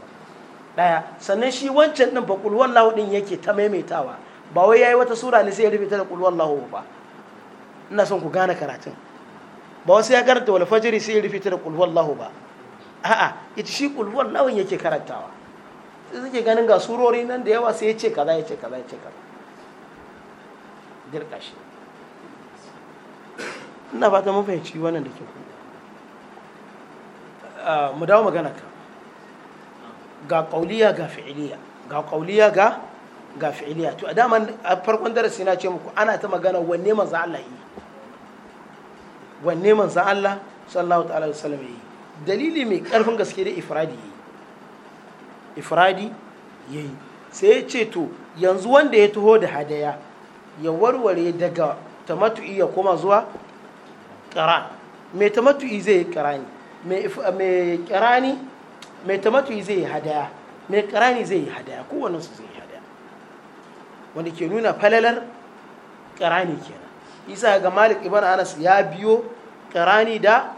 ɗaya sannan shi wancan ɗin ba ƙulwallahu ɗin yake ta maimaitawa ba wai ya yi wata sura ne sai ya rufe ta da ƙulwallahu ba ina son ku gane karatun ba wasu ya karanta wal fajiri sai ya rufe ta da ƙulwallahu ba a'a ita shi ƙulwallahu yake karantawa sai suke ganin ga surori nan da yawa sai ya ce kaza ya ce kaza ya ce kaza dirka shi ina fata mun fahimci wannan da kuma ah, mu dawo magana ka ga kauliya ga fi'iliya ga kauliya ga ga fi'iliya to a daman a farkon darasi na ce muku ana ta magana wanne manzo Allah yi wanne manzo Allah sallallahu ta'ala wasallam yi dalili mai karfin gaske da ifradi yi ifradi yi sai ya ce to yanzu wanda ya taho da hadaya ya warware daga tamattu'i ya koma zuwa ƙaran mai tamattu'i zai yi ƙarani mai ƙarani mai tamattu'i zai yi hadaya mai ƙarani zai yi hadaya kowanne su zai yi hadaya wanda ke nuna falalar ƙarani kenan isa ga malik ibn anas ya biyo ƙarani da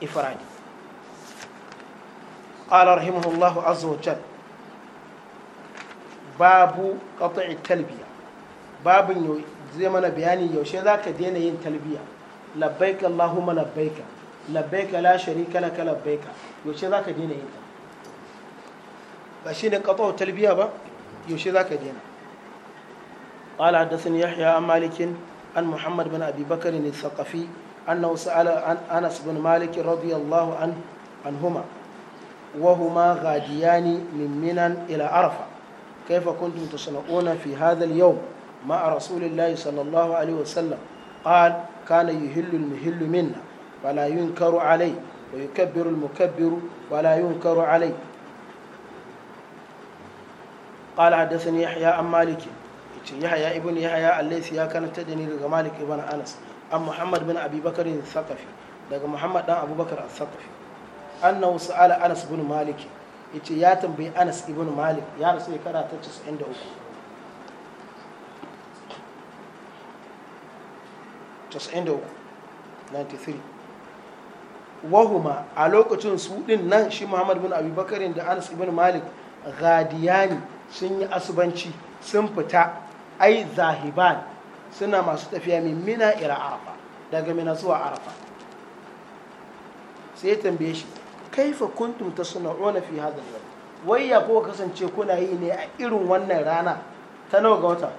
ifradi قال رحمه الله عز وجل babu قطع التلبيه babin zai mana bayani yaushe za ka daina yin talbiya لبيك اللهم لبيك لبيك لا شريك لك لبيك يوشي ذاك دين yin ta نقطع shine با يوشي ذاك دين قال حدثني يحيى عن مالك عن محمد بن ابي بكر الثقفي انه سال عن انس بن مالك رضي الله عنه عنهما وهما غاديان من منى الى عرفه كيف كنتم تصنعون في هذا اليوم مع رسول الله صلى الله عليه وسلم قال kana yuhillu al-muhillu minna wala yunkaru alai wa yukabbiru al-mukabbiru wala yunkaru alai قال حدثني يحيى عن مالك يحيى ابن يحيى الليثي يا كانت تدني لغ مالك بن انس عن محمد بن ابي بكر الثقفي daga محمد بن ابو بكر الثقفي انه سال انس بن مالك yace ya tambayi Anas ibn Malik ya rasu shekara ta 93 93 wahuma a lokacin su din nan shi muhammad bin abubakarin da anas ibn malik gadiyani sun yi asubanci sun fita ai zahiban suna masu tafiya min mina ila arafa daga mina zuwa arafa sai ya tambaye shi kaifa kuntum ona fi hadha al wai ya ko kasance kuna yi ne a irin wannan rana ta nawa ga wata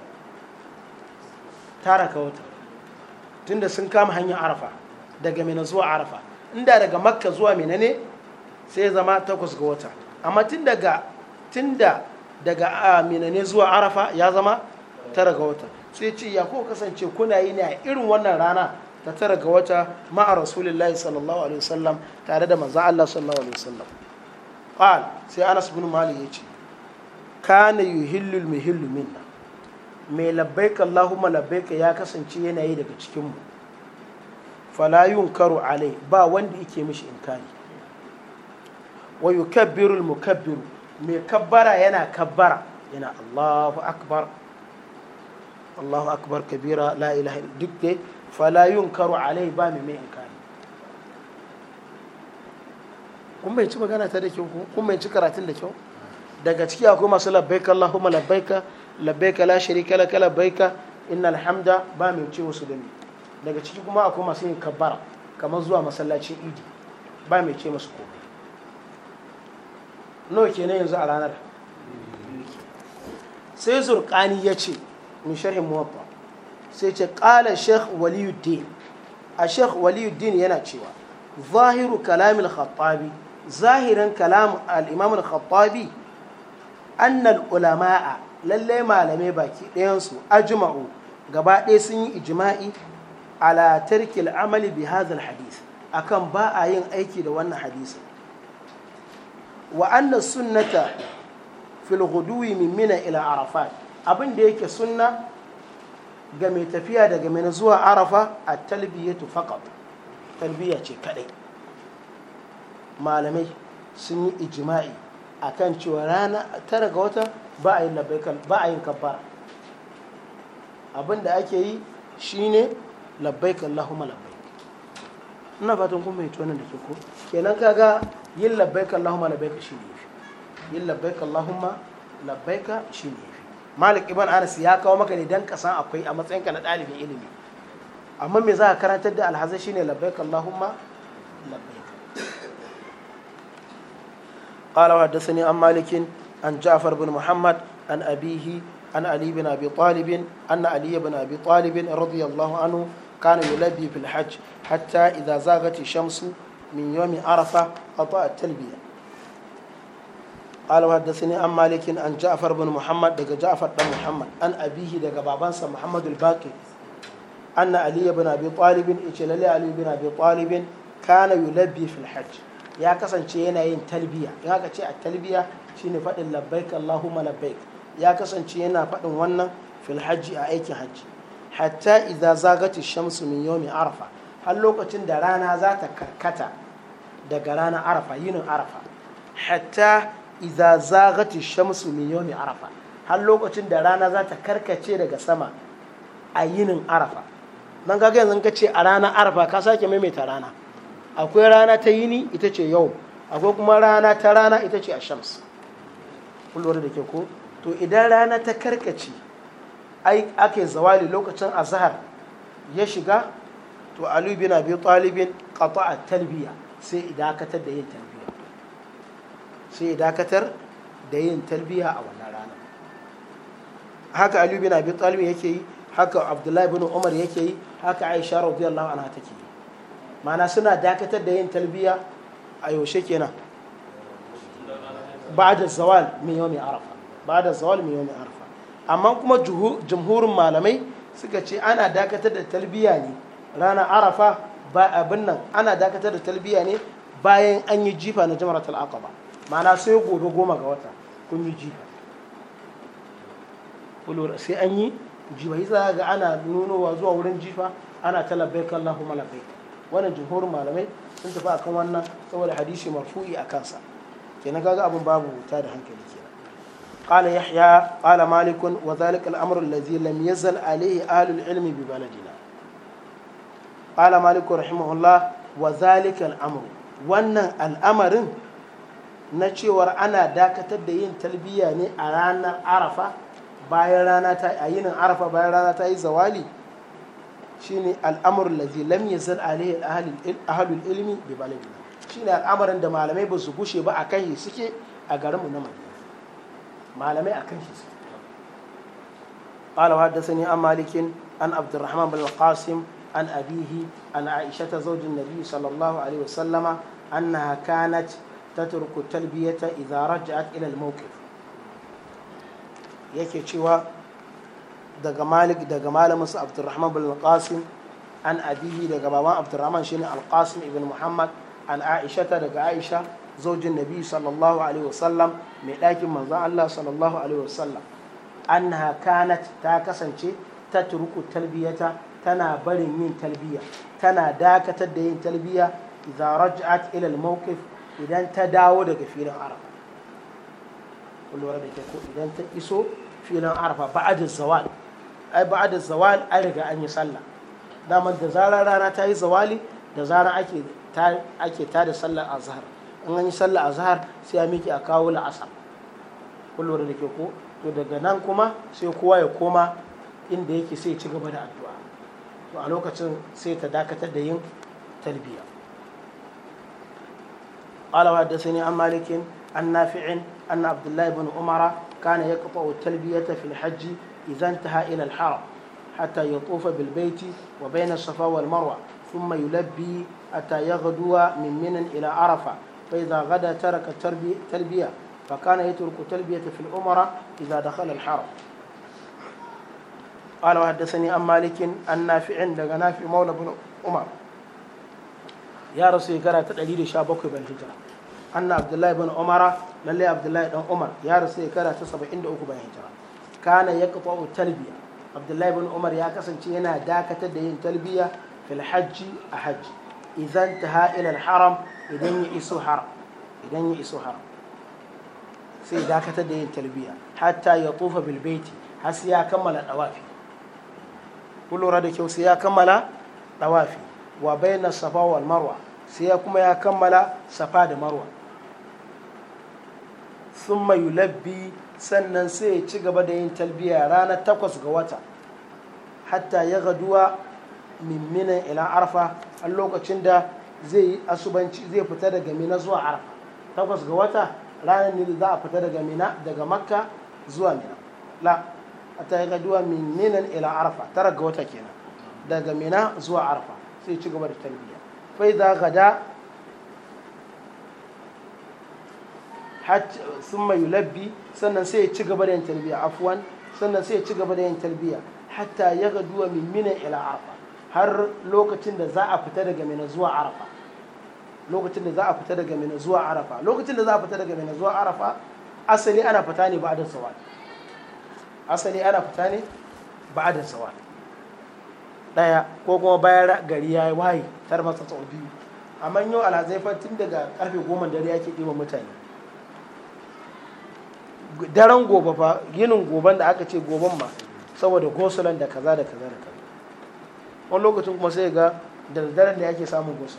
tara ga wata tunda sun kama hanyar arafa daga mina zuwa arafa inda daga makka zuwa mina ne sai zama takwas ga wata amma tun daga tun mina ne zuwa arafa ya zama tara ga wata sai ce ya ko kasance kuna yi ne a irin wannan rana ta tara ga wata ma'a rasulullahi sallallahu alaihi wasallam tare da maza Allah sallallahu alaihi wasallam qal sai Anas bin Malik yace kana yuhillul muhillu minna mai labbaik Allahumma labbaik ya kasance yanayi daga cikinmu fala karo alai ba wanda yake mishi inkari wa yukabbirul mukabbiru mai kabbara yana kabbara yana Allahu akbar Allahu akbar kabira la ilaha duk dai fala karo alai ba mai mai inkari kun bai ci magana ta da kyau kun bai ci karatun da kyau daga ciki akwai masu labbaika Allahumma labbaika labbaika la sharika laka labbaika innal hamda ba mai ce wasu dani daga ciki kuma akwai masu yin kabbara kamar zuwa masallacin idi ba mai ce masu komai nawa kenan yanzu a ranar sai zurkani ya ce min sharhin muwaffa sai ce kala sheikh waliyuddin a sheikh waliyuddin yana cewa zahiru kalamil khattabi zahirin kalam al-imam al-khattabi annal ulama'a lallai malamai baki ɗayansu ajma'u gaba ɗaya sun yi ijma'i ala tarkil amali bi hadhal hadith akan ba a yin aiki da wannan hadisi wa anna sunnata fil ghuduwi min mina ila arafat abin da yake sunna ga mai tafiya daga mina zuwa arafa a talbiyatu faqat talbiya ce kadai malamai sun yi ijma'i akan cewa rana tara ga wata ba a yin labbaika ba a yin kabbara abin da ake yi shine labbaika lahuma labbaik ina fatan kun mai tonan da ke ko kenan kaga yin labbaika Allahumma labbaika shine yafi yin labbaika Allahumma labbaika shine yafi Malik ibn Anas ya kawo maka ne dan kasan akwai a matsayinka na ɗalibin ilimi amma me za a karantar da alhazai shine labbaika Allahumma labbaika قال وحدثني عن مالك عن جعفر بن محمد عن أبيه عن علي بن أبي طالب أن علي بن أبي طالب رضي الله عنه كان يلبي في الحج حتى إذا زاغت الشمس من يوم عرفة أطاع التلبية قال حدثني عن مالك عن جعفر بن محمد دق جعفر بن محمد عن أبيه دق بابانسا محمد الباقي أن علي بن أبي طالب إجلالي علي بن أبي طالب كان يلبي في الحج يا كسان شينا ين تلبية يا كسان التلبية shine faɗin labbaik Allahumma labbaik ya kasance yana faɗin wannan fil hajji a aikin hajji hatta idza zagati shamsu min yawmi arafa har lokacin da rana za ta karkata daga ranar arafa yinin arafa hatta idza zagati shamsu min yawmi arafa har lokacin da rana za ta karkace daga sama a yinin arafa nan kaga yanzu ka ce a ranar arafa ka sake maimaita rana akwai rana ta yini ita ce yau akwai kuma rana ta rana ita ce a shamsu kullum da ke ko to idan rana ta karkace ake zawali lokacin azhar ya shiga to ali bin abi talibin qata'a talbiya sai idakatar da yin talbiya sai idakatar da yin talbiya a wannan rana haka ali bin abi talib yake yi haka abdullahi bin umar yake yi haka aisha radiyallahu anha take yi ma'ana suna dakatar da yin talbiya a yaushe kenan ba'da zawal min yawmi arafa ba'da zawal min yawmi arafa amma kuma jumhurin malamai suka ce ana dakatar da talbiya ne ranar arafa ba abin nan ana dakatar da talbiya ne bayan an yi jifa na jama'ar aqaba ma'ana sai gobe goma ga wata kun yi jifa sai an ana nunowa zuwa wurin jifa ana wannan jumhurin malamai sun tafi akan wannan saboda hadisi marfu'i a kansa kenan kaga abin babu ta da hankali kenan qala yahya qala malik wa zalika al-amru alladhi lam yazal alayhi ahli al-ilm bi qala malik rahimahullah wa zalika al wannan al'amarin na cewar ana dakatar da yin talbiya ne a ranar arafa bayan rana ta yi zawali shine al'amur ilmi shine al'amarin da malamai ba su gushe ba a kan shi suke a garinmu na madina malamai a kan shi suke alawa da sani an malikin an abdurrahman bin qasim an abihi an Aishata zaujin nabi sallallahu alaihi wasallama annaha kanat tatruku talbiyata idza raja'at ila al-mawqif yake cewa daga malik daga malamin su abdurrahman bin qasim an abihi daga baban abdurrahman shine al-qasim ibn muhammad an a'ishata daga aisha zaujin nabi sallallahu alaihi wasallam mai ɗakin manzon Allah sallallahu alaihi wasallam annaha kanat ta kasance ta turku talbiyata tana barin yin talbiya tana dakatar da yin talbiya idan raj'at ila al-mawqif idan ta dawo daga filin arafa kullura da ke ko idan ta iso filin arafa ba'ad zawal ai ba'ad zawal an riga an yi sallah daman da zarar rana ta yi zawali da zarar ake ake ta sallah a zahar in an yi sallar azhar sai ya miki a kawo la'asar kullum da ke ko to daga nan kuma sai kowa ya koma inda yake sai ci gaba da addu'a to a lokacin sai ta dakatar da yin talbiya qalawa da sani an malikin an nafi'in an abdullahi ibn umara kana ya kafa wa hajji izantaha ta ha'ila al hatta ya tofa bil wa bayna safa marwa marwa mai labbi. حتى يغدو من منن إلى عرفة فإذا غدا ترك تلبية فكان يترك تلبية في الأمرة إذا دخل الحرم قال وحدثني عن مالك عن نافع لقى نافع مولى بن عمر يا رسول كرا تدليل شابك بالهجرة أن عبد الله بن عمر للي عبد الله بن عمر يا رسول كرا تصب عند أكو بالهجرة كان يقطع التلبية عبد الله بن عمر يا كسن شينا داكة دين تلبية في الحج أحج idan ta ilal haram idan ya iso haram idan ya iso haram sai dakatar da yin talbiya hatta ya tufa bilbeti har sai ya kammala dawafi ku lura da kyau sai ya kammala dawafi wa bayyana safa wal marwa sai ya kuma ya kammala safa da marwa thumma labbi, sannan sai ya ci gaba da yin talbiya ranar takwas ga wata hatta ya gaduwa min ila arfa a lokacin da zai yi asubanci zai fita daga mina zuwa arafa takwas ga wata ranar ne za a fita daga mina daga makka zuwa mina la a ta yi gaduwa min minan ila arafa tara ga wata kenan daga mina zuwa arafa sai ci gaba da talbiya fai za gada sun mai yulabbi sannan sai ya ci gaba da yin talbiya afuwan sannan sai ya ci gaba da yin talbiya hatta ya gaduwa min minan ila arafa har lokacin da za a fita daga mina zuwa arafa lokacin da za a fita daga mina zuwa arafa lokacin da za a fita daga mina zuwa arafa asali ana fita ne ba ba'da zawal asali ana fita ne ba ba'da zawal daya ko kuma bayan gari ya yi waye tar masa tsawo biyu amma yau alhazaifa tun daga karfe goma dare ya ke ɗiba mutane daren gobe fa yinin goben da aka ce goben ma saboda gosulan da kaza da kaza da kaza wani lokacin kuma sai ga da daddare ne ake samun gosu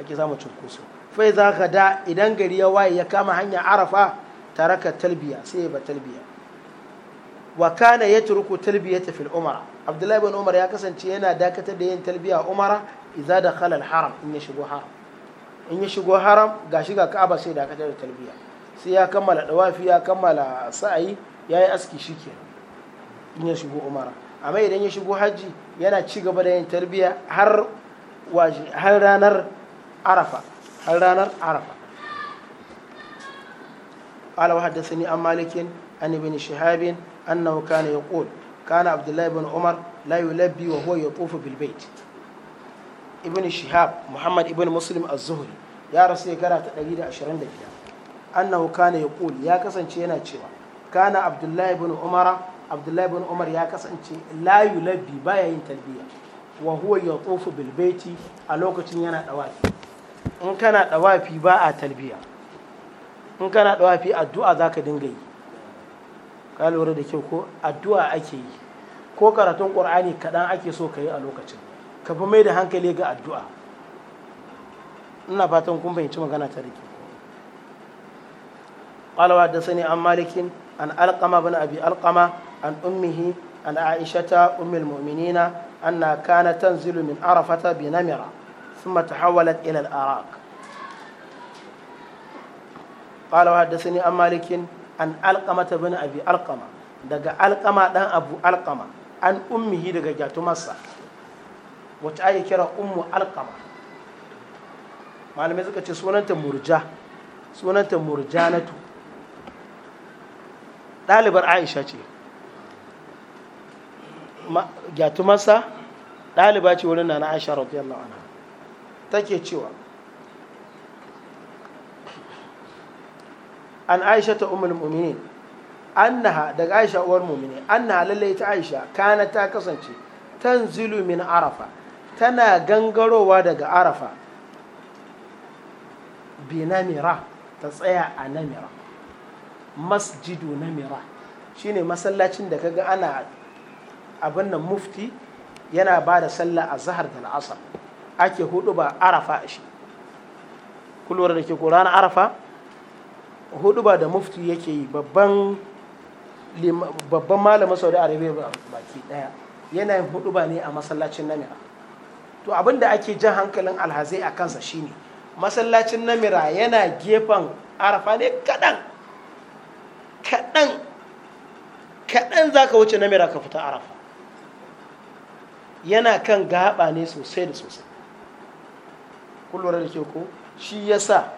ake samun cunkoso fai za ka da idan gari ya waye ya kama hanya arafa tare ka talbiya sai ba talbiya wa kana ya turku talbiya ta fil umara abdullahi bin umar ya kasance yana dakatar da yin talbiya umara idza da khalal haram in ya shigo haram in ya shigo haram ga shiga ka'aba sai dakatar da talbiya sai ya kammala dawafi ya kammala sa'ayi ya yi aski shikenan in ya shigo umara amma idan ya shigo hajji yana ci gaba da yin tarbiya har ranar arafa har ranar arafa an malikin an ibini shahabin an na wuka na yaƙon kana abdullahi ibn umar layu labbi wa huwa ya tofa bilbait shahab muhammad ibn muslim az-zuhri ya rasu ya gara ta ɗari da ashirin da biyar an na wuka na yaƙon ya kasance yana cewa kana abdullahi ibn umara abdullahi bin umar ya kasance layu labbi baya yin talbiya wa huwa yatufu bil baiti a lokacin yana dawafi in kana dawafi ba a talbiya in kana dawafi addu'a zaka dinga yi ka lura da kyau ko addu'a ake yi ko karatun qur'ani kadan ake so ka yi a lokacin ka fi mai da hankali ga addu'a ina fatan kun fahimci magana ta rike قال وحدثني عن مالك عن علقمة بن أبي علقمة عن أمه عن عائشة أم المؤمنين أنها arafata تنزل من عرفة بنمرة ila تحولت إلى الأراك قال وحدثني عن مالك عن علقمة بن أبي علقمة daga alkama dan abu alkama an ummihi daga gyatumarsa wacce ake kira ummu alkama malamai suka ce sunanta murja sunanta murjanatu ɗalibar aisha ce gyatumarsa ɗaliba ce wurin na aisha radiyallahu anha take cewa an aisha ta umar muminin annaha daga aisha uwar muminin annaha lallai ta aisha kana ta kasance tanzilu min arafa tana gangarowa daga arafa bi namira ta tsaya a namira masjidu namira shine masallacin da kaga ana abin nan mufti yana ba da sallah a zahar da la'asar ake hudu ba arafa a shi kulwar da ke ƙorana arafa hudu ba da mufti yake yi babban da malamin saudi arabia baki daya yana yin hudu ba ne a masallacin namira to abin da ake jan hankalin alhazai a kansa shine masallacin namira yana gefen arafa ne kadan kadan kadan za ka wuce namira ka fita arafa yana kan gaba ne sosai da sosai kullum da ke ko shi ya sa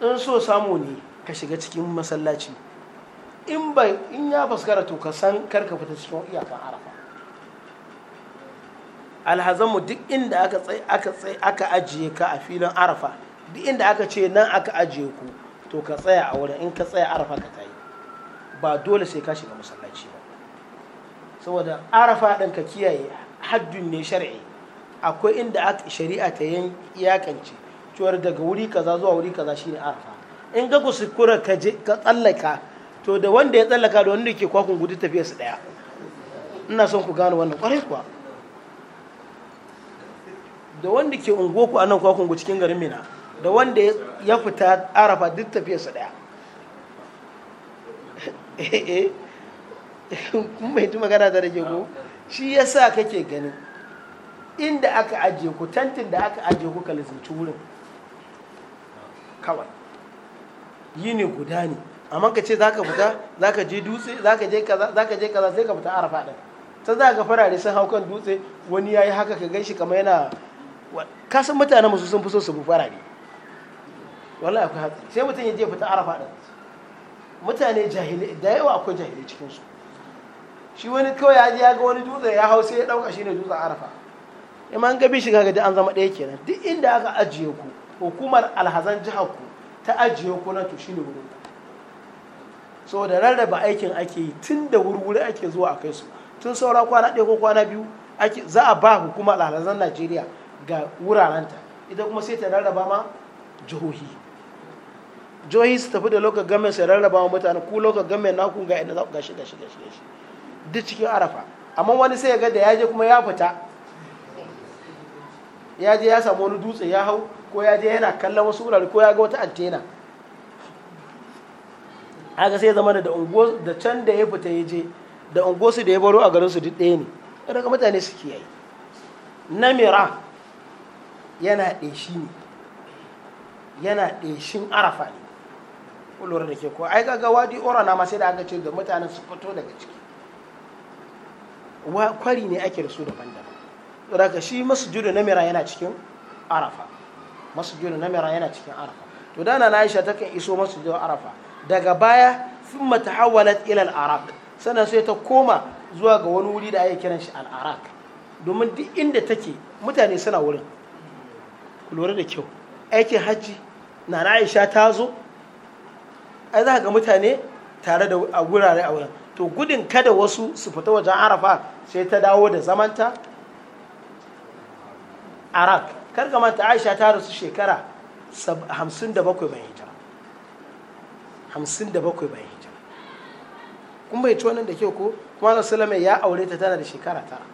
in so samu ne ka shiga cikin masallaci in bai in ya fuskara to ka san karka fita cikin iyakan arafa alhazanmu duk inda aka tsaye aka tsaye aka ajiye ka a filin arafa duk inda aka ce nan aka ajiye ku to ka tsaya a wurin in ka tsaya arafa ka tayi ba dole sai ka shiga masallaci ba saboda arafa ɗin ka kiyaye haddun ne shari'i akwai inda shari'a ta iyakance cewar daga wuri kaza zuwa wuri kaza shine arafa in ka kuskura ka tsallaka to da wanda ya tsallaka da wanda ke kwakun gudu tafiya su daya ina son ku gano wannan kwarai kuwa da wanda ke unguwa ku anan kwakun gudu cikin garin mina da wanda ya fita arafa duk tafiya su <laughs> eh. eh. kun bai magana da rage ko shi ya sa kake ganin inda aka ajiye ku tantin da aka ajiye ku ka lizinci wurin kawai yi ne guda ne amma ka ce zaka fita zaka je dutse zaka je kaza zaka je kaza sai ka fita arafa din ta za ka farare sun hau kan dutse wani yayi haka ka ganshi kamar yana ka san mutane musu sun fi so su bi farare wallahi akwai hatsi sai mutum ya je fita arafa din mutane jahili da yawa akwai jahili cikin su shi wani kawai ya ji ya ga wani dutse ya hau sai ya ɗauka shi ne dutsen arafa in an gabi shiga gadi an zama ɗaya kenan duk inda aka ajiye ku hukumar alhazan jihar ku ta ajiye ku nan to shi ne wurin so da rarraba aikin ake yi tun da wurwuri ake zuwa a kai su tun saura kwana ɗaya ko kwana biyu za a ba hukumar alhazan najeriya ga wurarenta ita kuma sai ta rarraba ma jihohi jihohi su tafi da lokacin gamen sai rarraba ma mutane ku lokacin gamen naku ga inda za ku gashi gashi gashi gashi duk cikin arafa amma wani sai ya ga da ya je kuma ya fita ya je ya samu wani dutse ya hau ko ya je yana kallon wasu wurare ko ya ga wata antena haka sai zama da da can da ya fita ya je da ungo da ya baro a garin su duk ɗaya ne daga mutane suke na namira yana ɗeshi ne yana ɗeshin arafa ne kullum da ke ko ai ga wadi orana ma sai da aka ce da mutanen su fito daga ciki kwari ne ake da su daban-daban ka shi na namira yana cikin arafa na namira yana cikin arafa to dana na aisha ta iso masjidu arafa daga baya sun mata hawalat ilal arak sannan sai ta koma zuwa ga wani wuri da ake kiran shi al-arak domin duk inda take mutane suna wurin lura da kyau aikin hajji na aisha ta zo ai za ga mutane tare da a gurare a wurin to gudun kada wasu su fita wajen arafa sai ta dawo da zamanta arak karka manta aisha ta rasu shekara 57 bayan hijira 57 bayan hijira kun bai ci wannan da kyau ko kuma na salama ya aure ta tana da shekara tara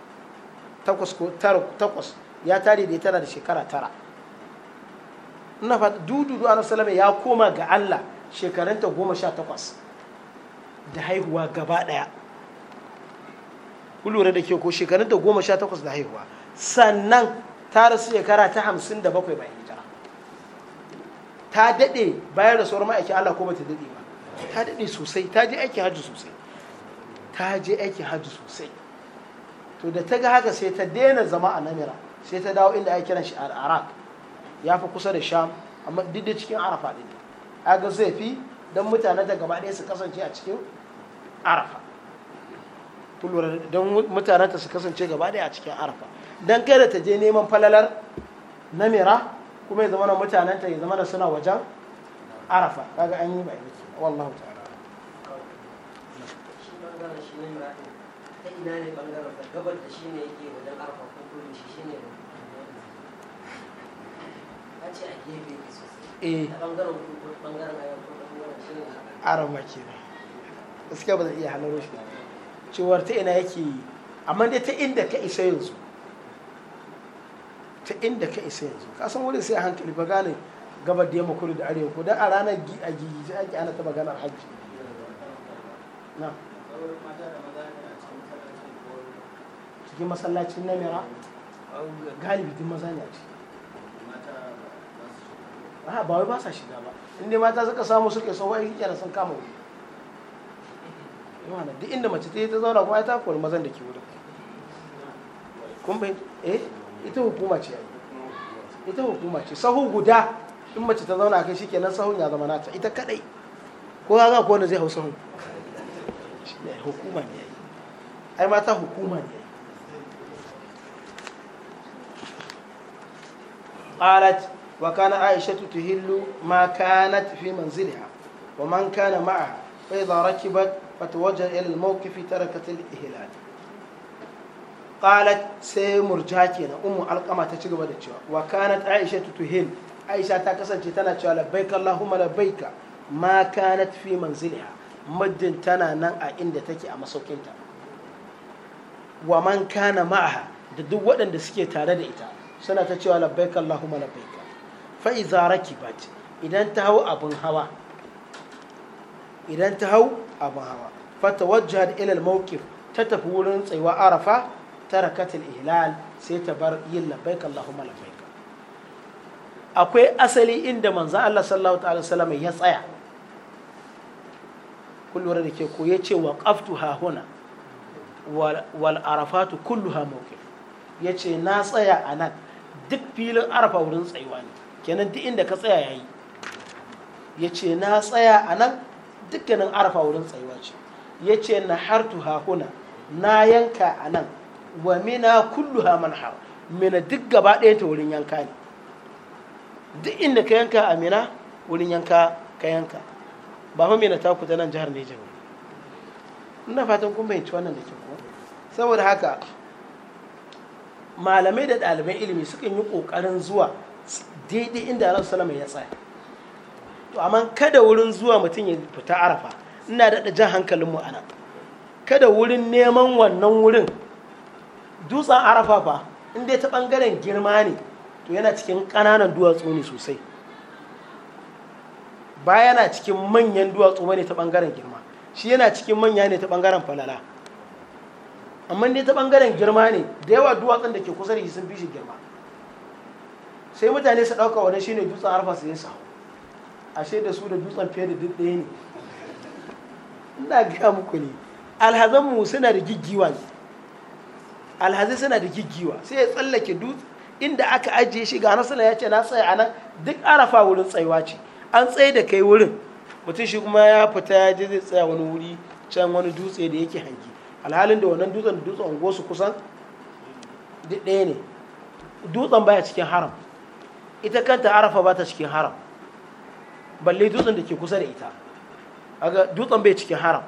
takwas ko tara takwas ya tare da tana da shekara tara ina fata dudu ana salama ya koma ga allah shekarunta goma sha takwas da haihuwa gaba ɗaya ku da ke ko shekarun da goma sha takwas da haihuwa sannan ta rasu shekara ta hamsin da bakwai bayan hijira ta daɗe bayan rasuwar ma'aiki Allah ko bata daɗe ba ta daɗe sosai ta je aikin hajji sosai ta je aikin hajji sosai to da ta ga haka sai ta daina zama a namira sai ta dawo inda ake kiran shi a arab ya fi kusa da sham amma duk da cikin arafa ne a ga zai fi don mutane da gaba ɗaya su kasance a cikin arafa kullum don mutanen su kasance gaba daya a cikin arafa don kai da ta je neman falalar namira kuma ya zama na mutanen ta ya zama na suna wajen arafa kaga an yi wallahu ta'ala a gefe sosai. ɓangaren eh. ɓangaren ayyukan shi ne. kenan. gaskiya ba zai iya halaro shi cewar ta ina yake yi amma dai ta inda ka isa yanzu ta inda ka isa yanzu ka san wurin sai a hankali ba gane gabar da ya kudu da arewa ko dan a ranar a gigi ake ana ta magana hajji na cikin masallacin namira galibi din maza ne a ciki ba wai ba sa shiga ba inda mata suka samu suke sauwa yake kira sun kama wuri mana duk inda mace ta yi ta zauna kuma tafi wani mazan da ke wurin kun bai eh ita hukuma ce ita hukuma ce sahu guda in mace ta zauna kai nan sahun ya zama nata ita kadai ko ga ko zai hau sahun hukuma ne ai mata hukuma ne قالت وكان عائشة تهل ما كانت في منزلها ومن كان معها فإذا ركبت فتوجه إلى الموقف تركت الإهلال قالت سي مرجاكينا أم القمة تشغب دتشوا وكانت عائشة تهل عائشة تكسن تنا تشوا لبيك اللهم لبيك ما كانت في منزلها مدن تنا نان عند تكي أما سوكينتا ومن كان معها da duk waɗanda suke tare da ita suna ta cewa labbaik Allahumma labbaik fa idza rakibat idan ta hau abin hawa idan ta hau abin hawa fata ila al-mawqif ta tafi wurin tsayuwa arafa tarakatul ihlal sai ta bar yin labbaik allahumma labbaik akwai asali inda manzo Allah sallallahu ta'ala wasallam ya tsaya kullura da ke ko yace waqaftu ha huna wal arafatu kulluha mawqif yace na tsaya anan duk filin arafa wurin tsayuwa ne kenan duk inda ka tsaya yayi yace na tsaya anan dukkanin arafa wurin tsayuwa ce ya ce na hartu hakuna na yanka a nan wa mina kullu ha manhar mina duk gaba ɗaya ta wurin yanka ne duk inda ka yanka a mina wurin yanka ka yanka ba fa mina ta kuta nan jihar ba ina fatan kun bayanci wannan da kyau. saboda haka malamai da ɗalibai ilimi sukan yi ƙoƙarin zuwa daidai inda alaihi salama ya tsaya to amma kada wurin zuwa mutum ya fita arafa ina daɗa jan hankalinmu a nan kada wurin neman wannan wurin dutsen arafa fa in dai ta ɓangaren girma ne to yana cikin ƙananan duwatsu ne sosai ba yana cikin manyan duwatsu ne ta ɓangaren girma shi yana cikin manya ne ta ɓangaren falala amma dai ta ɓangaren girma ne da yawa duwatsun da ke kusa da shi sun fi shi girma sai mutane su ɗauka wani ne dutsen arafa su yin sahu ashe da su da dutsen fiye da duk ɗaya ne ina gaya muku ne alhazanmu suna da giggiwa ne alhazai suna da giggiwa sai ya tsallake dutse inda aka ajiye shi ga nasala ya ce na tsaye a nan duk arafa wurin tsayuwa ce an tsaye da kai wurin mutum shi kuma ya fita ya je zai tsaya wani wuri can wani dutse da yake hangi alhalin da wannan dutsen da dutsen ungo su kusan duk ɗaya ne dutsen baya cikin haram ita kanta arafa ba ta cikin haram balle dutsen da ke kusa da ita aga dutsen bai cikin haram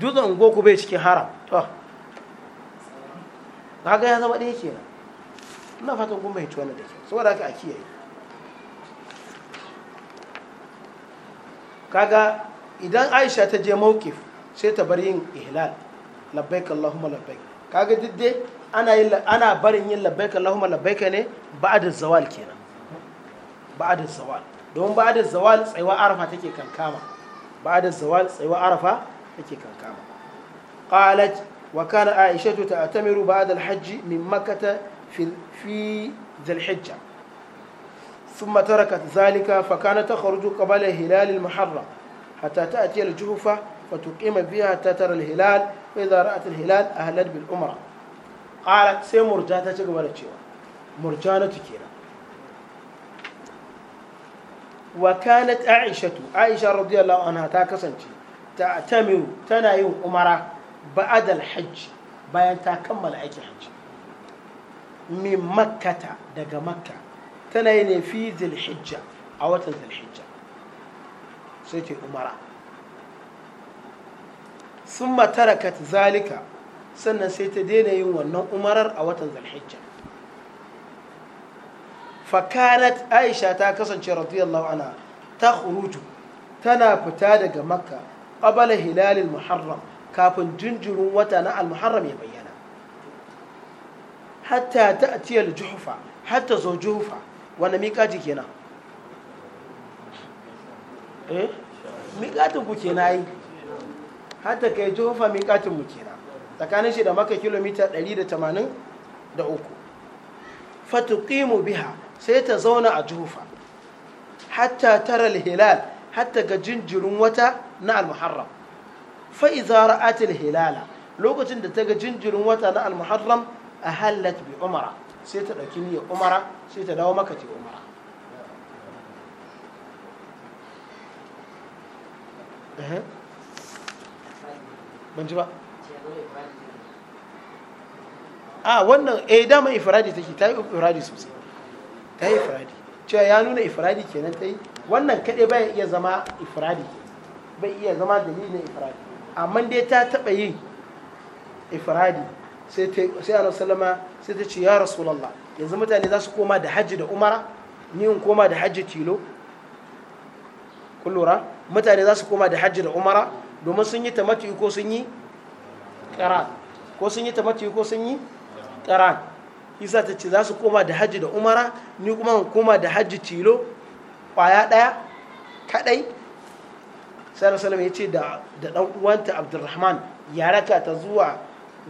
dutsen goku bai cikin haram to kaga ya zama ɗaya kenan ina fatan kun bai wannan da ke saboda haka a kiyaye kaga idan aisha ta je mawkif sai ta bar yin ihlal labbaik allahumma labbaik kaga duk dai ana barin yin labbaik allahumma labbaik ne ba da zawal kenan بعد الزوال دون بعد الزوال سوى عرفة تكي كان كاما بعد الزوال سوى عرفة تكي كان كاما قالت وكان عائشة تأتمر بعد الحج من مكة في في ذي الحجة ثم تركت ذلك فكانت تخرج قبل هلال المحرم حتى تأتي الجوفة فتقيم بها حتى الهلال فإذا رأت الهلال أهلت بالأمرة قالت سي مرجاتك ولا تشيوا مرجانتك كيرا wa kanat aishatu aisha radiyallahu anha ta kasance ta tamiru tana yin umara ba'adal hajj bayan ta kammala aikin hajji min makkata daga makka tana yi ne fi zilhijja a watan zilhijja sai ta umara sun matarakat zalika sannan sai ta daina yin wannan umarar a watan zilhijja fakanat aisha ta kasance radiyallahu anha ta khuruju tana fita daga makka ƙabala hilalin muharram kafin jinjirin wata na al-muharram ya bayyana hatta ta'tiya al-juhfa hatta zo juhfa miƙa miƙaji kenan eh miƙatin ku kenan yi hatta kai juhufa miƙatin mu kenan tsakanin shi da maka kilomita 183 fatuqimu biha sai ta zauna a jufa hatta tara hilal hatta ga jinjirin wata na almuharram fa idza ra'at hilala lokacin da ta ga jinjirin wata na almuharram ahallat bi umara sai ta dauki niyyar umara sai ta dawo maka ta umara ban ji ba a ah, wannan eh dama ifradi take ta yi ifradi sosai ta yi ifradi cewa ya nuna ifradi kenan ta yi wannan kaɗai bai iya zama ifradi bai iya zama dalilin ifradi amma dai ta taɓa yin ifradi sai annabi sallama sai ta ce ya rasulallah yanzu mutane za su koma da hajji da umara ni in koma da hajji tilo kullura mutane za su koma da hajji da umara domin sun yi tamati ko sun yi ko sun yi ko sun yi ƙaran isa ta ce za su koma da hajji da umara ni kuma in koma da hajji tilo kwaya ɗaya kadai sai salama ya ce da dan uwanta abdulrahman ya raka ta zuwa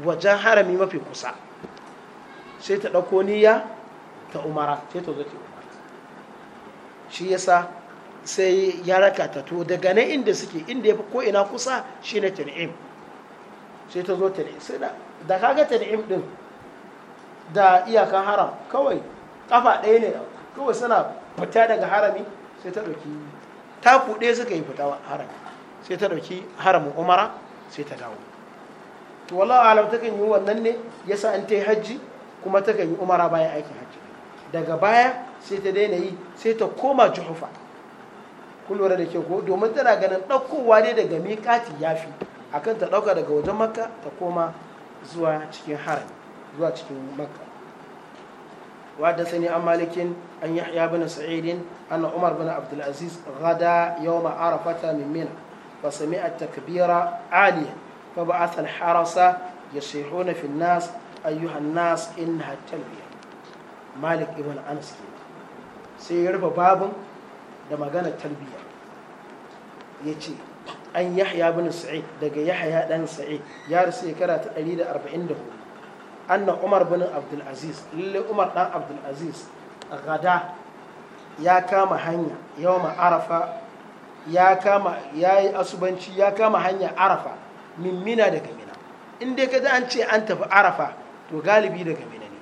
wajen harami mafi kusa sai ta ɗauko niyya ta umara sai ta zo ta umara shi yasa sai ya raka ta to daga nan inda suke inda ya fi ko ina kusa shine tan'im sai ta zo tan'im sai da kaga tan'im din da iyakan haram kawai kafa ɗaya ne kawai suna fita daga harami sai ta ɗauki taku ɗaya suka yi fita harami sai ta ɗauki haramin umara sai ta dawo to wallahu alam ta kan yi wannan ne sa an ta yi hajji kuma ta kan yi umara bayan aikin hajji daga baya sai ta daina yi sai ta koma juhufa kun da ke ko domin tana ganin ɗaukowa ne daga miƙati ya fi akan ta ɗauka daga wajen makka ta koma zuwa cikin harami zuwa cikin makka wadda tsani an malikin an yi ya bin sa'idin ana umar bin abdulaziz rada yau ma'ara fata min mina ba sami a takbira aliyu ba ba a talharasa ya shehu na finnas ayyuhan nas in hatalbiya malik ibn anas ke sai ya rufe babin da magana talbiya ya ce an yahya bin sa'id daga yahya dan sa'id ya rasu shekara ta hudu. anna umar bin abdul aziz lalle umar dan abdul aziz gada ya kama hanya ma arafa ya kama ya yi asubanci ya kama hanya arafa min mina daga mina inda dai ka an ce an tafi arafa to galibi daga mina ne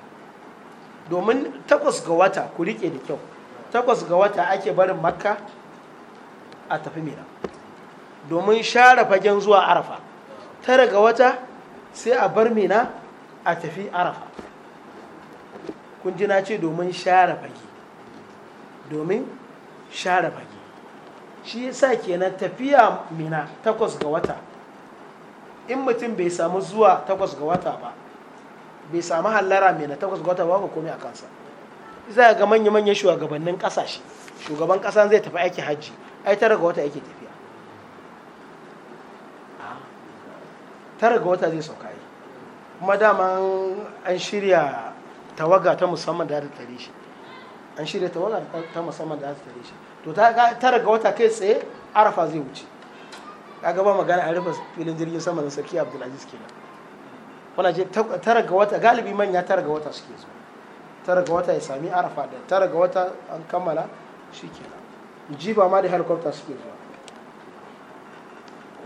domin takwas ga wata ku rike da kyau takwas ga wata ake barin makka a tafi mina domin share fagen zuwa arafa tara ga wata sai a bar mina a tafi arafa kun ji na ce domin share fage domin share fage shi yasa kenan tafiya mina takwas ga wata in mutum bai samu zuwa takwas ga wata ba bai samu hallara mina takwas ga wata ba ba komai a kansa za ga manya-manyan shugabannin kasashe shugaban kasa zai tafi aiki hajji ai tara ga wata yake tafiya tara ga wata zai sauka yi kuma dama an shirya tawaga ta musamman da ta shi an shirya tawaga ta musamman da ta shi to ta raga wata kai tsaye arafa zai wuce kaga ba magana a rufe filin jirgin sama da sarki abdulaziz kenan wana ce tara ga wata galibi manya tara ga wata suke zuwa tara ga wata ya sami arafa da tara ga wata an kammala shi kenan jiba ma da helicopter suke zuwa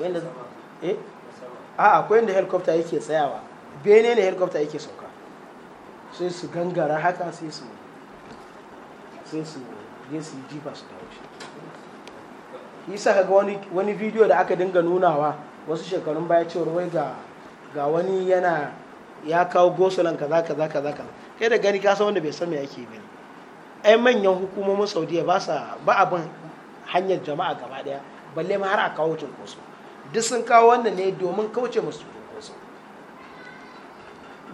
wanda eh a akwai inda helicopter yake tsayawa bene ne helicopter yake sauka sai su gangara haka sai su sai su yi su jifa su dawo shi isa kaga wani wani bidiyo da aka dinga nunawa wasu shekarun baya cewar wai ga wani yana ya kawo gosulan kaza kaza kaza kaza kai da gani kasa wanda bai san me yake bane ai manyan hukumomin saudiya ba sa ba abin hanyar jama'a gaba daya balle ma har a kawo cunkoso duk sun kawo wannan ne domin kauce musu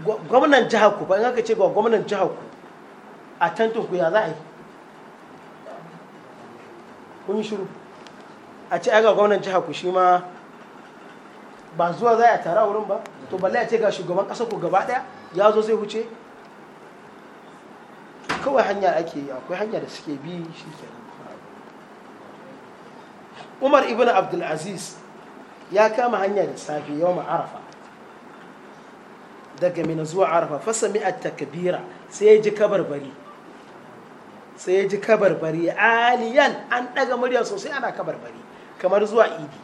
gwamnan jihar ku ba in aka ce ba gwamnan jihar ku a tantin ku ya za a yi kun yi shiru a ce ai ga gwamnan jihar ku shi ma ba zuwa za a tara wurin ba to balle a ce ga shugaban ƙasar ku gaba ɗaya ya zo zai wuce kawai hanya ake yi akwai hanya da suke bi shi kenan umar ibn abdulaziz ya kama hanya da safe yau arafa daga mina zuwa arafa fasami a takbira sai ya ji kabarbari sai ya ji kabarbari aliyan an daga murya sosai ana kabarbari kamar zuwa idi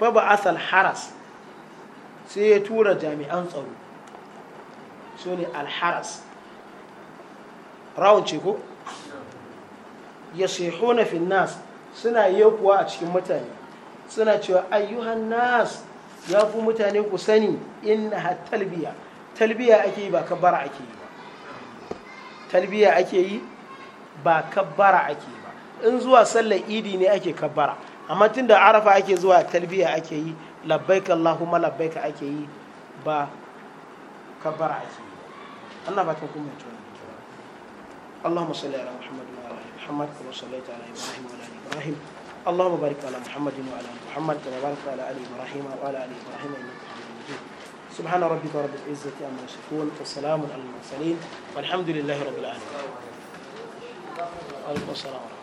fa ba asal haras sai ya tura jami'an tsaro su ne alharas rawun ce ko ya shehuna fi nas suna yekuwa a cikin mutane suna cewa ayyuhan nas ya fi mutane ku sani inna talbiya talbiya ake yi ba kabbara ake yi ba talbiya ake yi ba kabbara ake yi ba in zuwa sallar idi ne ake kabbara amma tunda arafa ake zuwa talbiya ake yi labbaika allahumma labbaika ake yi ba kabbara ake yi Allah ba ta kuma tuwa اللهم اللهم بارك على محمد وعلى محمد كما باركت على ال ابراهيم وعلى ال ابراهيم انك حميد مجيد سبحان ربك رب العزه عما يصفون وسلام على المرسلين والحمد لله رب العالمين. عليكم السلام ورحمه